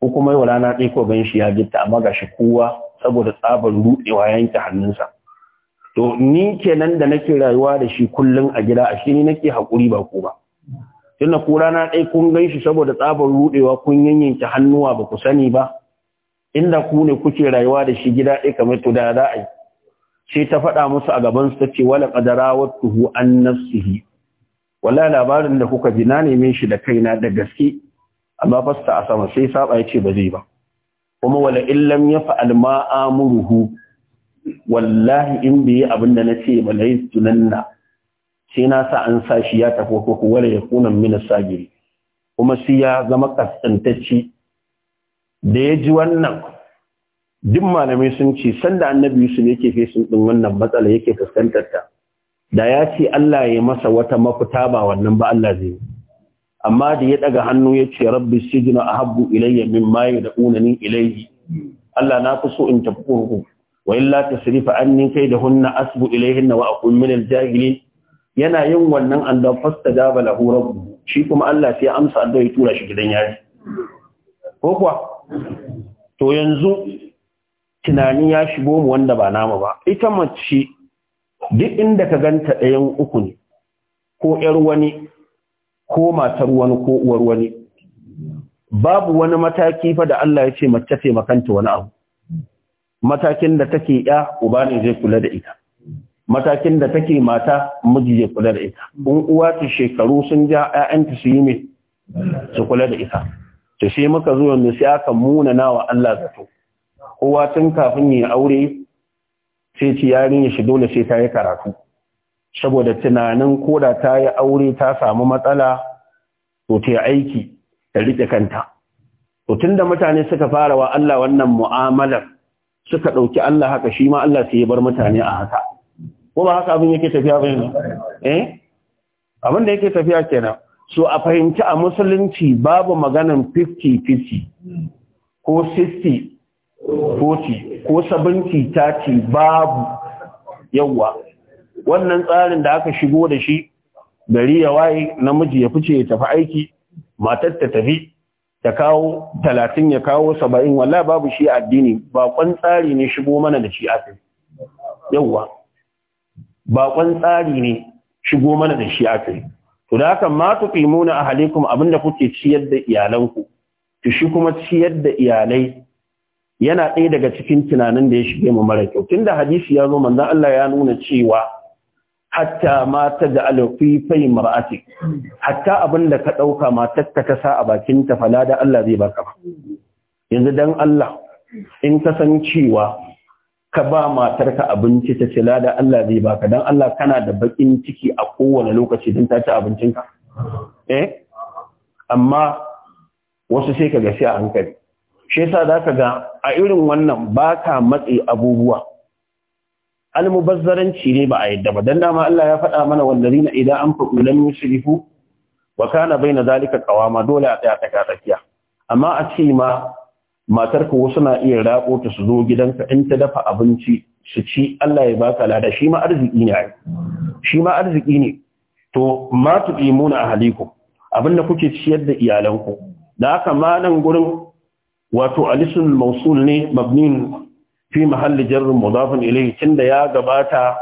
ko kuma yau rana ɗaya ko gan shi ya gitta amma shi, kowa saboda tsabar rudewa yanke hannunsa to ni kenan da nake rayuwa da shi kullum a gida a shi ni nake haƙuri ba ku ba da ku rana ɗaya kun gan shi saboda tsabar rudewa kun yanyanke hannuwa ba ku sani ba inda ku ne kuke rayuwa da shi gida ɗaya kamar to da za a yi Ce ta faɗa musu a gaban su tace wala tuhu an nafsihi wala labarin da kuka ji na neme shi da kaina da gaske amma fasta a sama sai saba yace ba zai ba kuma wala illam fa'al ma amuruhu wallahi in bai abin da nace ba lai tunanna sai na sa an sa shi ya tafi ko wala yakuna min as-sagiri kuma shi ya zama kasantacci da ya ji wannan duk malamai sun ce sanda annabi Yusuf yake fesin din wannan matsala yake fuskantar ta da ya ce Allah ya masa wata mafita ba wannan ba Allah zai yi amma da ya daga hannu ya ce rabbi sijna ahabbu ilayya mimma yad'unani ilayhi Allah na fi so in tafi kurkuku wa illa tasrifa anni hunna asbu ilayhin wa aqul min al-jahilin yana yin wannan andan fastajaba lahu rabbuhu shi kuma Allah sai amsa addu'a ya tura shi gidan yari ko kuwa to yanzu tunani ya shigo mu wanda ba namu ba ita mace duk inda ka ganta ɗayan uku ne ko ƴar wani ko matar wani ko uwar wani babu wani mataki fa da Allah ya ce mace ce makanta wani abu matakin da take ya uba ne zai kula da ita matakin da take mata miji zai kula da ita in uwa ta shekaru sun ja ƴaƴanta su yi me su kula da ita to sai muka zo yanzu sai aka muna nawa Allah zato kowa tun kafin yi aure sai ci yarin shi dole sai ta yi karatu saboda tunanin koda ta yi aure ta samu matsala to ta aiki ta riƙe kanta to tun da mutane suka fara wa Allah wannan mu'amalar suka ɗauki Allah haka shi ma Allah sai ya bar mutane a haka ko ba haka abin yake tafiya ba eh abin da yake tafiya kenan so a fahimci a musulunci babu maganan 50-50 ko 60 Koti ko 70 titati babu yawa wannan tsarin da aka shigo da shi gari ya waye namiji ya fice ya tafi aiki matar ta tafi ta kawo 30 ya kawo 70 wallahi babu shi addini bakon tsari ne shigo mana da shi aka yawa bakon tsari ne shigo mana da shi aka to da haka ma tuqimuna ahalikum abinda kuke ciyar da iyalanku to shi kuma ciyar da iyalai yana ɗaya daga cikin tunanin da ya shige mu mara kyau tunda hadisi ya zo manzon Allah ya nuna cewa hatta ma ta da alfi fai mar'ati hatta abin da ka ɗauka matar ka ta sa a bakin ta fala da Allah zai baka ba yanzu dan Allah in ka san cewa ka ba matarka abinci ta ce lada Allah zai baka dan Allah kana da bakin ciki a kowane lokaci din ta ci abincinka eh amma wasu sai ka gashi a hankali shi yasa za ka ga a irin wannan ba ka matse abubuwa almubazzaranci ne ba a yadda ba don dama Allah ya faɗa mana wallazina idan an faɗu lam yusrifu wa kana baina zalika qawama dole a tsaya tsakiya amma a ce ma matar ka wasu na iya rako ta su zo gidanka in ta dafa abinci su ci Allah ya baka lada shi ma arziki ne shi ma arziki ne to ma tuqimuna ahlikum abinda kuke ciyar da iyalanku da haka ma nan gurin wato alisul mausul ne mabnin fi mahalli jarrin mudafin ilai tunda ya gabata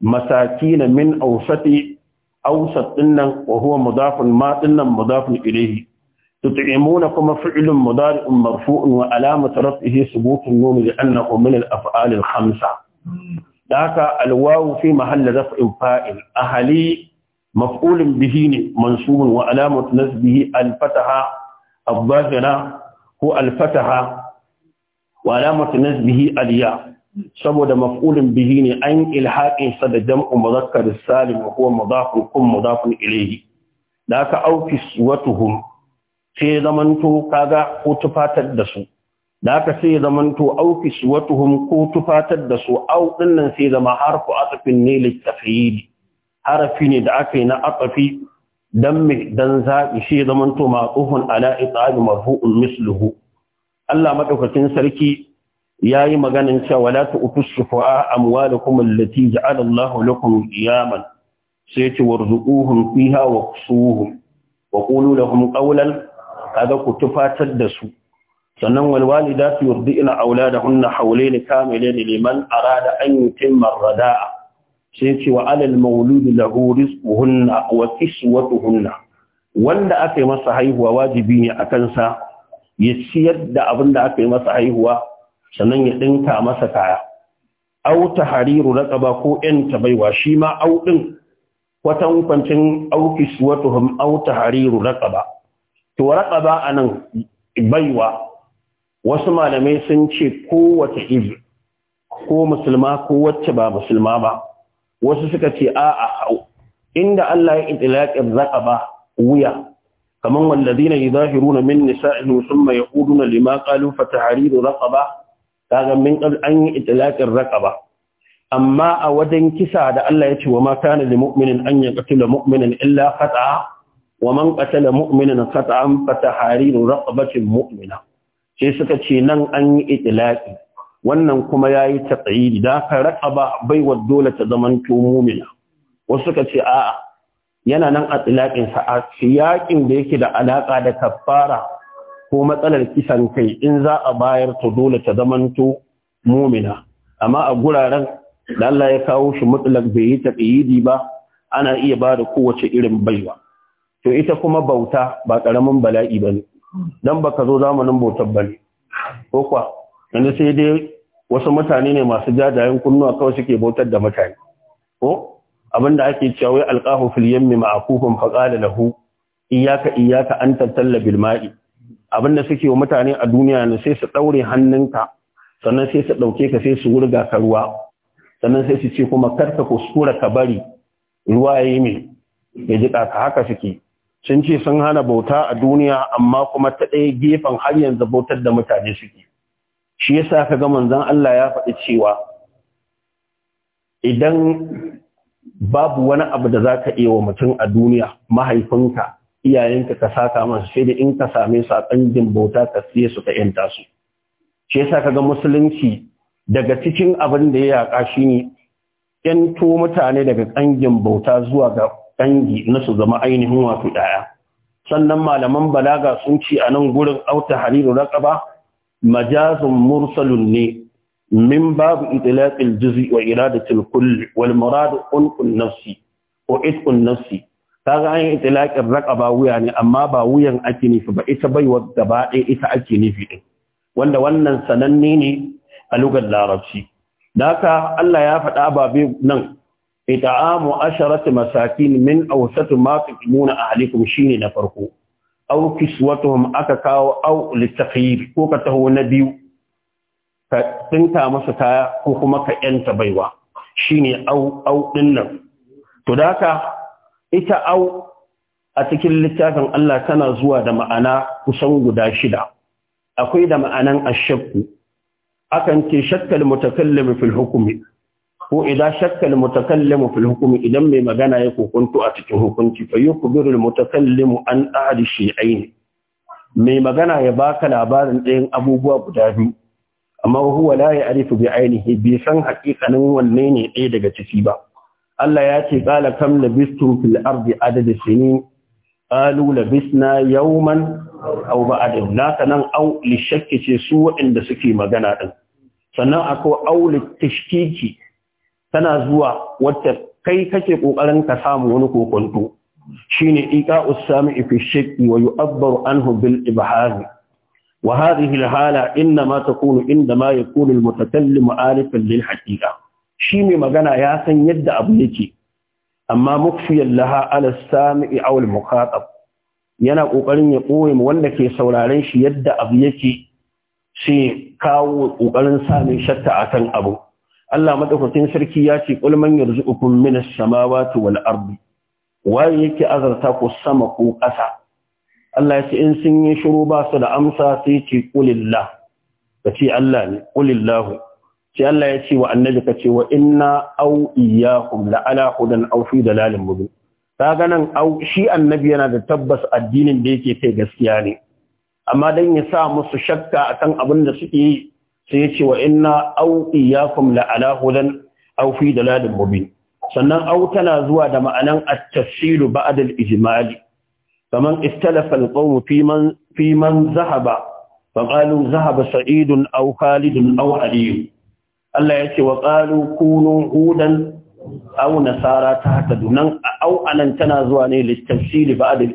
masakina na min ausati ausat dinnan wa huwa mudafin ma dinnan mudafin ilai tut'imuna kuma fi'lun mudari'un marfu'un wa alamatu rafihi subutun nun li annahu min al-af'al al-khamsa daka al-wawu fi mahalli raf'in fa'il ahli maf'ulun bihi mansubun wa alamatu nasbihi al-fataha الظاهره ko alfataha wa alamatu nasbihi aliya saboda maf'ulun bihi ne an ilhaqin sa da jam'u muzakkar salim wa huwa mudafun kun mudafun ilayhi da aka auki suwatuhum sai zamanto kaga ko tufatar da su da aka sai zamanto auki suwatuhum ko tufatar da su au dinnan sai zama harfu atafin ne littafiyidi harafi ne da aka yi na atafi dan me dan zaɓi shi zaman to ma'ufun ala ita'abi marfu'un misluhu Allah madaukakin sarki yayi maganin cewa la tu'tu shufa'a da allati ja'ala Allahu lakum qiyaman sai ce warzuquhum fiha wa qusuhum wa qulu lahum qawlan kada ku tufatar da su sannan wal walidatu yurdina auladahunna hawlayn kamilayn liman arada an yutimma ar-rada'a sai ce wa alal mauludi lahu rizquhunna wa kiswatuhunna wanda aka yi masa haihuwa wajibi ne a kansa ya ciyar da abin da aka yi masa haihuwa sannan ya dinka masa kaya au tahriru raqaba ko yan baiwa shi ma au din kwatan kwancin au kiswatuhum au tahriru raqaba to raqaba anan baiwa wasu malamai sun ce kowace ibi ko musulma ko wacce ba musulma ba wasu suka ce a'a inda Allah ya itlaqin ba wuya kaman zahiru na min nisa'ihim hudu na lima hariru fatahriru ba kaga min an yi itlaqin ba amma a wajen kisa da Allah ya ce wa ma kana lil mu'minin an yaqtula mu'minan illa khata'a wa man qatala mu'minan khata'an fatahriru raqabatin mu'mina sai suka ce nan an yi itlaqi wannan kuma ya yi da ka raka ba baiwa dole ta zaman mumina wasu suka ce a'a yana nan a sa a yaƙin da yake da alaƙa da kafara ko matsalar kisan kai in za a bayar ta dole ta zaman mumina amma a guraren da Allah ya kawo shi mutlak bai yi taƙayi ba ana iya ba da kowace irin baiwa to ita kuma bauta ba ƙaramin bala'i ba ne don baka zo zamanin bautar ba ne ko kuwa yanzu sai dai wasu mutane ne masu jajayen kunnuwa kawai suke bautar da mutane ko abinda ake cewa wai alqahu fil yammi ma'akufun faqala lahu iyyaka iyyaka an tattalla bil ma'i abinda suke wa mutane a duniya ne sai su daure hannunka sannan sai su dauke ka sai su wurga ka ruwa sannan sai su ce kuma karka kuskura ka bari ruwa yayi mai ya ji ka haka suke sun ce sun hana bauta a duniya amma kuma ta ɗaya gefen har yanzu bautar da mutane suke shi yasa kaga manzon Allah ya faɗi cewa idan babu wani abu da za ka iya wa mutum a duniya mahaifinka iyayenka ka saka masa sai da in ka same su a tsangin bauta ka siye su ka yanta su shi yasa ga musulunci daga cikin abin da ya yaka shine yanto mutane daga ƙangin bauta zuwa ga ƙangi na su zama ainihin wato ɗaya sannan malaman balaga sun ci a nan gurin auta hariru raqaba majazun mursalun ne min babu itlaqil juz'i wa iradatil kull wal murad unqun nafsi ko itqun yi kaga an itlaqin wuya ne amma ba wuyan ake nufi ba ita baiwa wadda ita ake nufi din wanda wannan sananne ne a lugar larabci daka Allah ya faɗa ababe nan ita'amu asharatu masakin min awsatu ma tuqimuna ahlikum shine na farko aw kiswatuhum aka kawo aw litakhyir ko ka taho na biyu ka tsinka masa kaya ko kuma ka yanta baiwa shine aw aw din nan to da ita aw a cikin littafin Allah tana zuwa da ma'ana kusan guda shida akwai da ma'anan ashakku akan ce shakkal mutakallim fil hukmi ko idan shakkal mutakallamu fil hukumi idan mai magana ya kukuntu a cikin hukunci fa yukbiru mutakallimu an ahadi shay'ain mai magana ya baka labarin ɗayan abubuwa guda biyu amma huwa la ya'rifu bi ainihi bi san haƙiƙanin wanne ne ɗaya daga ciki ba Allah ya ce qala kam labistum fil ardi adad sinin qalu labisna yawman aw ba'da naka nan au li shakki ce su waɗanda suke magana din sannan akwai au tashkiki tana zuwa wacce kai kake kokarin ka samu wani kokonto shine iqa usami fi shakki wa yu'abbaru anhu bil ibhar wa hadhihi al hala inna ma takunu inda ma yakunu al mutakallim alifan lil haqiqa shi mai magana ya san yadda abu yake amma mukfiyan laha ala sami'i aw al muqatab yana kokarin ya koye wanda ke sauraren shi yadda abu yake sai kawo kokarin samun shatta akan abu Allah madaukakin sarki ya ce qul man yarzuqukum minas samawati wal ardi waye yake azarta ku sama ko ƙasa Allah ya ce in sun yi shiru ba su da amsa sai ce qulillah ka ce Allah ne qulillahu sai Allah ya ce wa annabi ka ce wa inna aw iyyakum la ala hudan aw fi dalalin mubin kaga nan shi annabi yana da tabbas addinin da yake kai gaskiya ne amma dan ya sa musu shakka akan abin da suke yi sai yace wa inna aw ya la ala hudan aw fi dalalin mubin sannan au tana zuwa da ma'anan at-tafsil ba'd al-ijmal kaman istalafa al-qawm fi man fi man zahaba fa qalu zahaba sa'id au khalid au ali Allah yace wa qalu kunu hudan au nasara ta hata dunan aw anan tana zuwa ne lit-tafsil ba'd al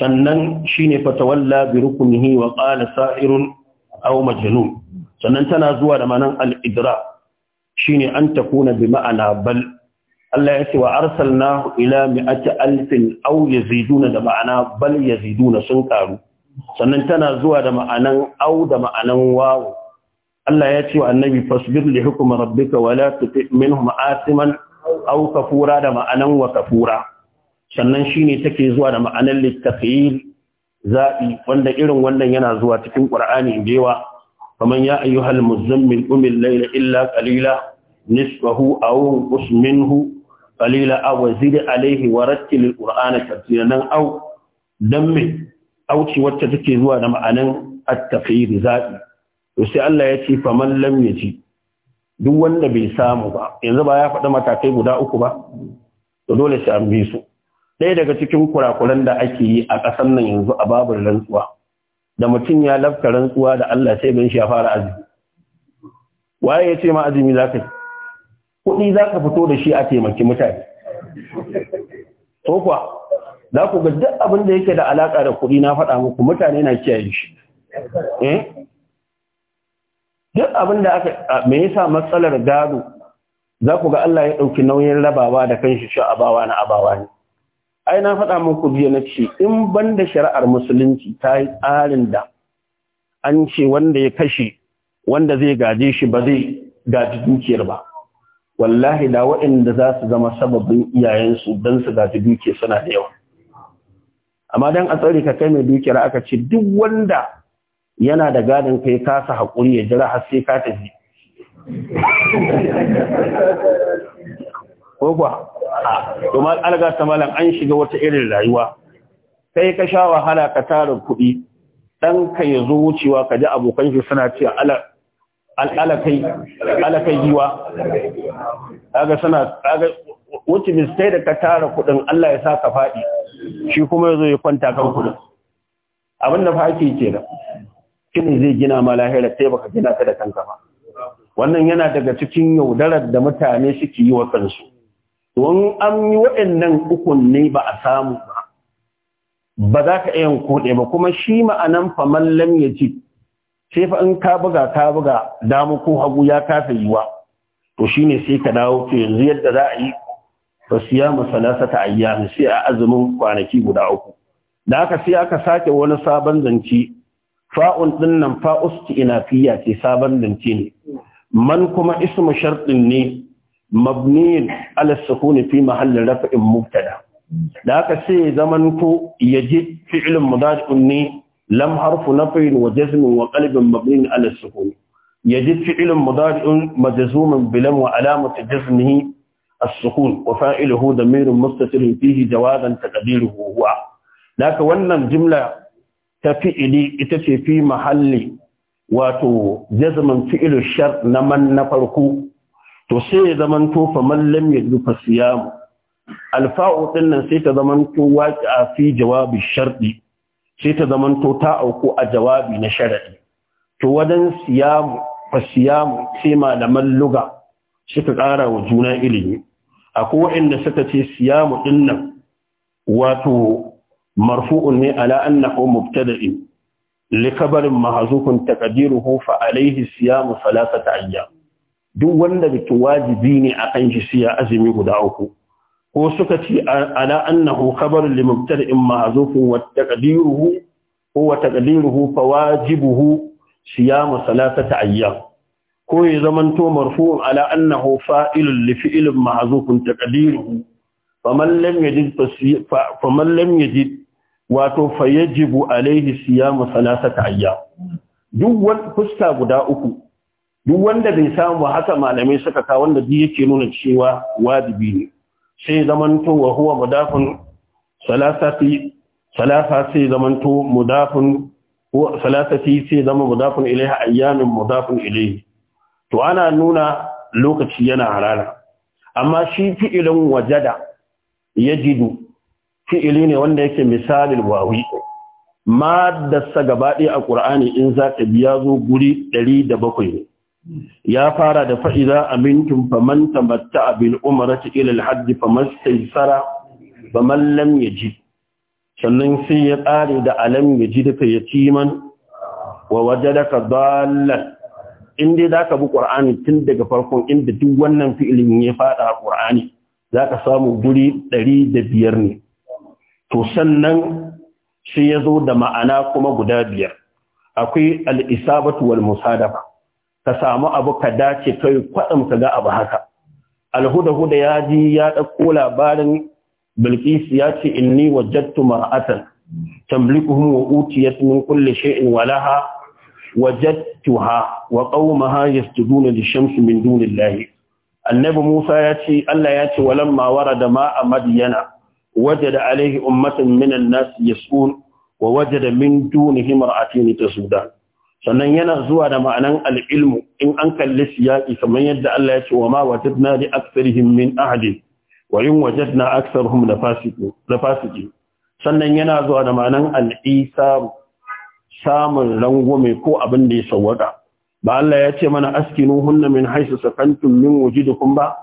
sannan shine fatawalla bi rukunihi wa qala sa'irun aw majnun sannan tana zuwa da manan al-idra shine an takuna bi ma'ana bal Allah ya ce wa arsalnahu ila mi'ati alfin aw yaziduna da ma'ana bal yaziduna sun karu sannan tana zuwa da ma'anan aw da ma'anan wawu Allah ya ce wa annabi fasbir li hukmi rabbika wa la tuti minhum asiman aw kafura da ma'anan wa kafura sannan shine take zuwa da ma'anan littaqil zaɓi wanda irin wannan yana zuwa cikin ƙur'ani da kaman ya ayyuhal muzammil umil layla illa qalila nisfahu aw qus minhu qalila aw zid alayhi wa rattil alqur'ana tartila nan aw damme aw ci wacce take zuwa da ma'anan at-taqyid zaɓi to sai Allah ya ce man lam yaji duk wanda bai samu ba yanzu ba ya faɗi matakai guda uku ba to dole sai an bi su ɗaya daga cikin kurakuran da ake yi a ƙasar nan yanzu a babur rantsuwa da mutum ya lafka rantsuwa da Allah sai ban shi ya fara azumi waye ya ce ma azumi za ka yi kuɗi za ka fito da shi a taimaki mutane ko kuwa za ku ga duk abin da yake da alaƙa da kuɗi na faɗa muku mutane na kiyaye shi eh? duk abin da aka me yasa matsalar gado za ku ga Allah ya ɗauki nauyin rabawa da kanshi shi abawa na abawa ne ai na faɗa muku biya na ce in ban da shari'ar musulunci ta yi tsarin da an ce wanda ya kashe wanda zai gaje shi ba zai gaji dukiyar ba wallahi da waɗanda za su zama sababbin iyayensu don su gaji dukiyar suna da yawa amma don a tsari ka kai mai dukiyar aka ce duk wanda yana da gadon kai kasa haƙuri ya jira har sai ka tafi ko to ma alga ta malam an shiga wata irin rayuwa sai ka sha wahala ka tara kuɗi dan ka ya wucewa ka ji abokan shi suna ce ala alakai alakai giwa kaga suna kaga wuce sai da ka tara kuɗin Allah ya sa ka faɗi shi kuma ya zo ya kwanta kan kuɗin abin da fa ake da shine zai gina ma lahira sai baka gina ta da kanka ba wannan yana daga cikin yaudarar da mutane suke yi wa kansu Wani an yi waɗannan ukun ne ba a samu ba ba za ka iya kuɗe ba kuma shi ma'anan faman lam ya sai fa in ka buga ka buga damu ko hagu ya kasa wa? to shi ne sai ka dawo to yanzu yadda za a yi Ba su fa siyamu salasata ayyam sai a azumin kwanaki guda uku da aka sai aka sake wani sabon zance fa'un ɗin nan fa'us ina fiya ce sabon zance ne man kuma ismu sharɗin ne mabniyin alasukuni fi mahallin rafa'in mubtada da haka ce zaman ku yaji fi'lun mudari'un ne lam harfu nafin wa jazmin wa qalbin mabniyin ala sukuni yaji fi'lun mudari'un majzumun bilam wa alamatu jazmihi السكون وفاعله ضمير مستتر فيه جوازا تقديره هو لك wannan jumla ta fi'ili ita ce fi mahalli wato jazman fi'ilu shar na man na farko to sai ya zaman to fa mallam ya dufa siyamu alfa'u din nan sai ta zaman to waqi'a fi jawabi sharɗi sai ta zaman to ta auku a jawabi na sharadi to wadan siyamu fa sai malaman luga suka ƙara wa juna ilimi akwai waɗanda suka ce siyamu din nan wato marfu'un ne ala annahu mubtada'in likabarin mahazukun taqdiruhu fa alayhi siyamu salasata ayyam duk wanda da wajibi ne a kan shi siya azumi guda uku ko suka ci ala annahu khabarun li mubtada'in ma'zufun wa taqdiruhu ko wa taqdiruhu fa wajibuhu siyamu salatata ayyam ko ya zamanto marfu'un ala annahu fa'ilun li fi'lin ma'zufun taqdiruhu faman lam yajid faman lam yajid wato fayajibu alaihi siyamu salasata ayyam duk wanda fuska guda uku duk wanda bai samu haka malamai suka ka wanda duk yake nuna cewa wajibi ne sai to wa huwa mudafun salasati salasa sai to mudafun salasati sai zama mudafun ilaiha ayyamin mudafun ilaihi to ana nuna lokaci yana harara amma shi fi'ilin wajada yajidu fi'ili ne wanda yake misalin wawi maddarsa gabaɗaya a ƙur'ani in za ka biya zo guri 107 ne ya fara da fa'iza amintum faman tamatta abin umarci ilil hajji faman saisara ba mallam ya ji sannan sai ya tsari da alam ya ji da man wa waje da ka dalar inda za ka bi ƙwar'ani tun daga farkon inda duk wannan fi'ilin ya faɗa a ƙwar'ani za ka samu guri ɗari da biyar ne to sannan sai ya zo da ma'ana kuma guda biyar akwai al'isabatu wal musadafa ka samu abu ka dace kai kwaɗam ka ga abu haka alhuda-huda ya ji ya ɗauko labarin bilkis ya ce inni wajattu ma'atan tamlikuhum wa utiyat min kulli shay'in walaha wajadtuha wa qaumaha yasjuduna lish-shamsi min lahi annabi Musa ya ce Allah ya ce walamma a madiyana waje da alaihi ummatan minan nas yasqun wa wajada min a mar'atin sudan. sannan yana zuwa da ma'anan al'ilmu in an kalli siyaki kamar yadda Allah ya ce wa ma wajadna li aktharihim min ahadin wa in wajadna aktharuhum la fasiqin sannan yana zuwa da ma'anan al'isa samun rangume ko abin da ya sawwaka ba Allah ya ce mana askinuhunna min haythu sakantum min wujidikum ba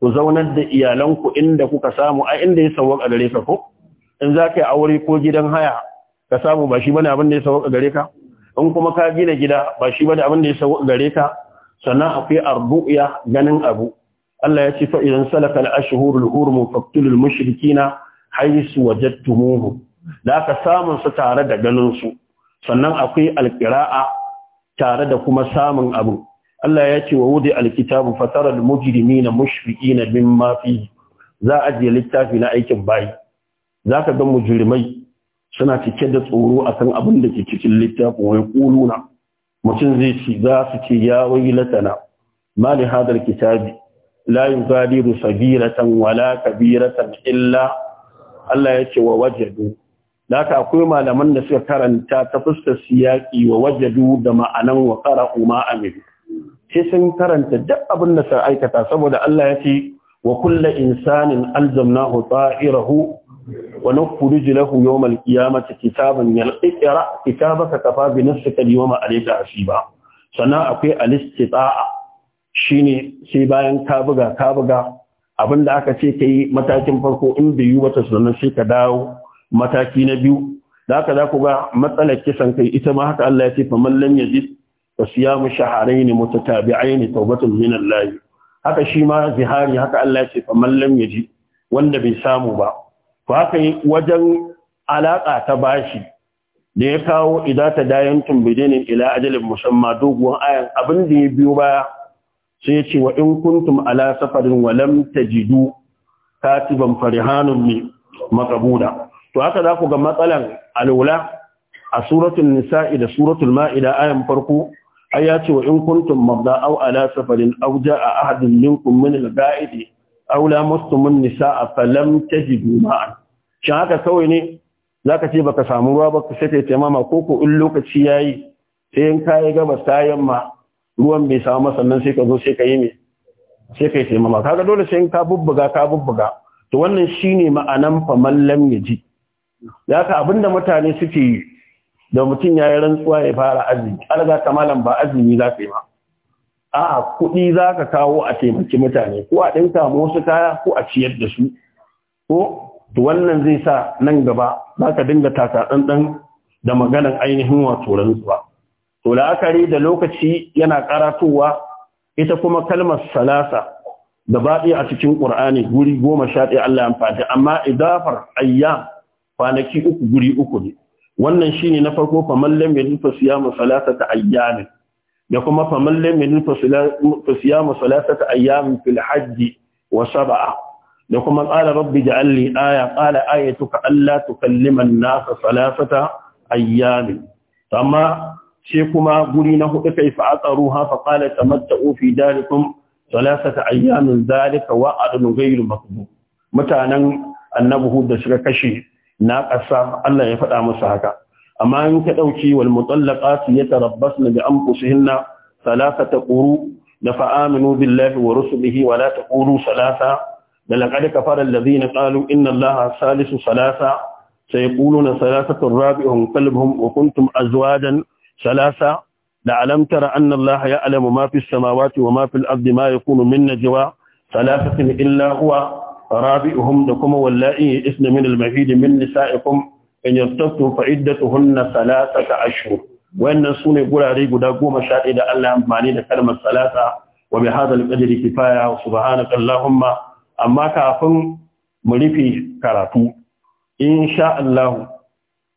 ku zaunar da iyalanku inda kuka samu a inda ya sawaka gare ka ko in za ka yi aure ko gidan haya ka samu ba shi bane abin da ya sawaka gare ka in kuma ka gina gida ba shi ba da abin da ya sa gare ka sannan akwai arbu'ya ganin abu Allah ya ce fa idan salaka al-ashhurul hurum faqtulul mushrikina haythu wajadtumuhum da ka samun su tare da ganin su sannan akwai alqira'a tare da kuma samun abu Allah ya ce wa wudi alkitabu fatara almujrimina na mimma fihi za a je littafi na aikin bayi zaka ga mujrimai suna cike da tsoro akan abin da ke cikin littafin wai kuluna mutum zai ci za su ce ya wailatana ma li hadar kitabi la yugadiru sagiratan wala kabiratan illa Allah ya ce wa wajadu Laka akwai malaman da suka karanta ta fuskar siyaki wa wajadu da ma'anan wa qara'u ma amilu sai sun karanta duk abin da suka aikata saboda Allah ya ce wa kullu insanin alzamnahu ta'irahu wa nukhruju lahu yawm al-qiyamati kitaban yalqira kitabaka kafa bi nafsika al-yawma alayka asiba sannan akwai al-istita'a shine sai bayan ka buga ka buga abinda aka ce kai matakin farko in bai yi wata sannan sai ka dawo mataki na biyu da haka za ku ga matsalar kisan kai ita ma haka Allah ya ce fa man lam yajid fa siyamu shahrayn ne tawbatun min Allah haka shi ma zihari haka Allah ya ce fa man lam wanda bai samu ba ko haka yi wajen alaƙa ta bashi da ya kawo idza tadayantum bidinin ila ajalin musamma doguwan ayan abin da ya biyo baya sai ya ce wa in kuntum ala safarin wa lam tajidu katiban farihanun mi makabuda to haka za ku ga matsalan alwala a suratul nisa'i da suratul ma'ida ayan farko ai ya ce wa in kuntum mabda aw ala safarin aw jaa ahadun minkum min al baidi aula mustumun nisa'a falam tajidu ma'an shin haka kawai ne zaka ce baka samu ruwa ba ka kai taimama ko ko in lokaci yayi sai in kai gaba ta yamma ruwan bai samu sannan sai ka zo sai ka yi me sai kai taimama kaga dole sai in ka bubbuga ka bubbuga to wannan shine ma'anan fa mallam yaji zaka abinda mutane suke da mutum yayi rantsuwa ya fara azumi alga ta malam ba azumi za ka yi ma a kuɗi za ka kawo a taimaki mutane ko a ɗinka wasu kaya ko a ciyar da su ko wannan zai sa nan gaba za ka dinga taka ɗanɗan da maganan ainihin wato rantsuwa to la'akari da lokaci yana karatowa ita kuma kalmar salasa da baɗi a cikin ƙur'ani guri goma sha ɗaya Allah ya amfani amma idafar ayya kwanaki uku guri uku ne wannan shine na farko fa man lam yajid fa ta salasata ayyamin da kuma faman lamin fasiya musalatata ayyamin fil hajji wa sab'a da kuma tsara rabbi da li aya qala ayatuka allah tukallima an-nasa salasata ayyamin amma sai kuma guri na hudu kai fa atsaruha fa ta tamattu fi darikum salasata ayyamin zalika wa'adun ghayru maqbul mutanen annabi da suka kashe na ƙasa Allah ya faɗa musu haka amma in ka ɗauki wal mutallaqat yatarabbasna bi salasa ta quru da fa'aminu billahi wa rusulihi wa la taqulu salasa da laqad kafara alladhina qalu inna allaha salisu salasa sayquluna salasatu rabi'uhum qalbuhum wa kuntum azwajan salasa da alam tara anna allaha ya'lamu ma fi samawati wa ma fil ardi ma yakunu min najwa salasatin illa huwa رابئهم لكم واللائي إثن من المهيد من نسائكم in yastaftu fa iddatuhunna salasata ashhur wayannan sune gurare guda goma ɗaya da Allah ya amfani da kalmar salasa wa bi hadha al-qadri kifaya subhanaka allahumma amma kafin mu rufe karatu insha Allah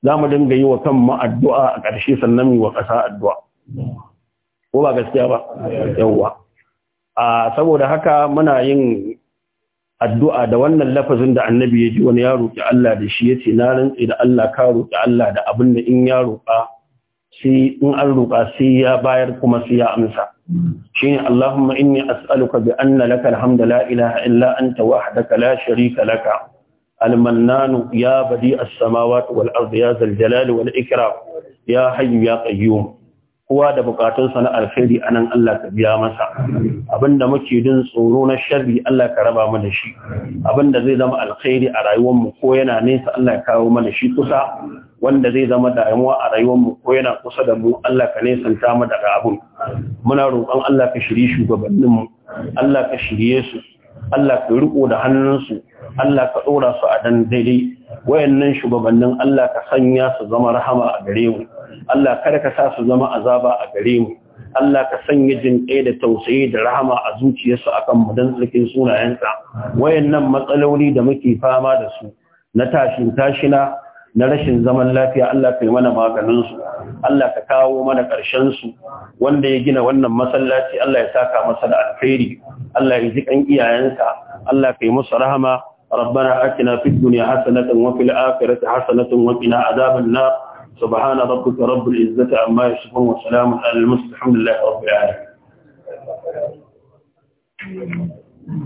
za mu dinga yi wa kanmu addu'a a ƙarshe sannan mu wa ƙasa addu'a ko ba gaskiya ba yawa? a saboda haka muna yin addu'a da wannan lafazin da annabi ya ji wani ya roƙi Allah da shi ya ce na rantsi da Allah ka roƙi Allah da abin da in ya roƙa sai in an roƙa sai ya bayar kuma sai ya amsa shi ne Allahumma inni as'aluka bi anna laka alhamdu la ilaha illa anta wahdaka la sharika laka al-mannan ya badi as-samawati wal ardi ya zal jalali wal ikram ya hayyu ya qayyum kowa da sa na alkhairi anan Allah ka biya masa abinda muke jin tsoro na sharri Allah ka raba mu da shi abinda zai zama alkhairi a rayuwar mu ko yana nesa Allah ya kawo mana shi kusa wanda zai zama damuwa a rayuwar mu ko yana kusa da mu Allah ka nesanta mu daga abun muna roƙon Allah ka shirye shugabannin mu Allah ka shirye su Allah ka riko da hannunsu Allah ka dora su a dan daidai wayannan shugabannin Allah ka sanya su zama rahama a gare mu Allah kada ka sa su zama azaba a gare mu Allah ka sanya jin ɗaya da tausayi da rahama a zuciyarsu akan mu dan tsarkin sunayensa wayannan matsaloli da muke fama da su na tashin tashina na rashin zaman lafiya Allah ka yi mana maganin su Allah ka kawo mana ƙarshen su wanda ya gina wannan masallaci Allah ya saka masa da alkhairi Allah ya ji kan iyayensa Allah ka yi musu rahama ربنا آتنا في الدنيا حسنة وفي الآخرة حسنة وقنا عذاب النار سبحان ربك رب العزة عما يصفون وسلام على المسلم الحمد لله رب العالمين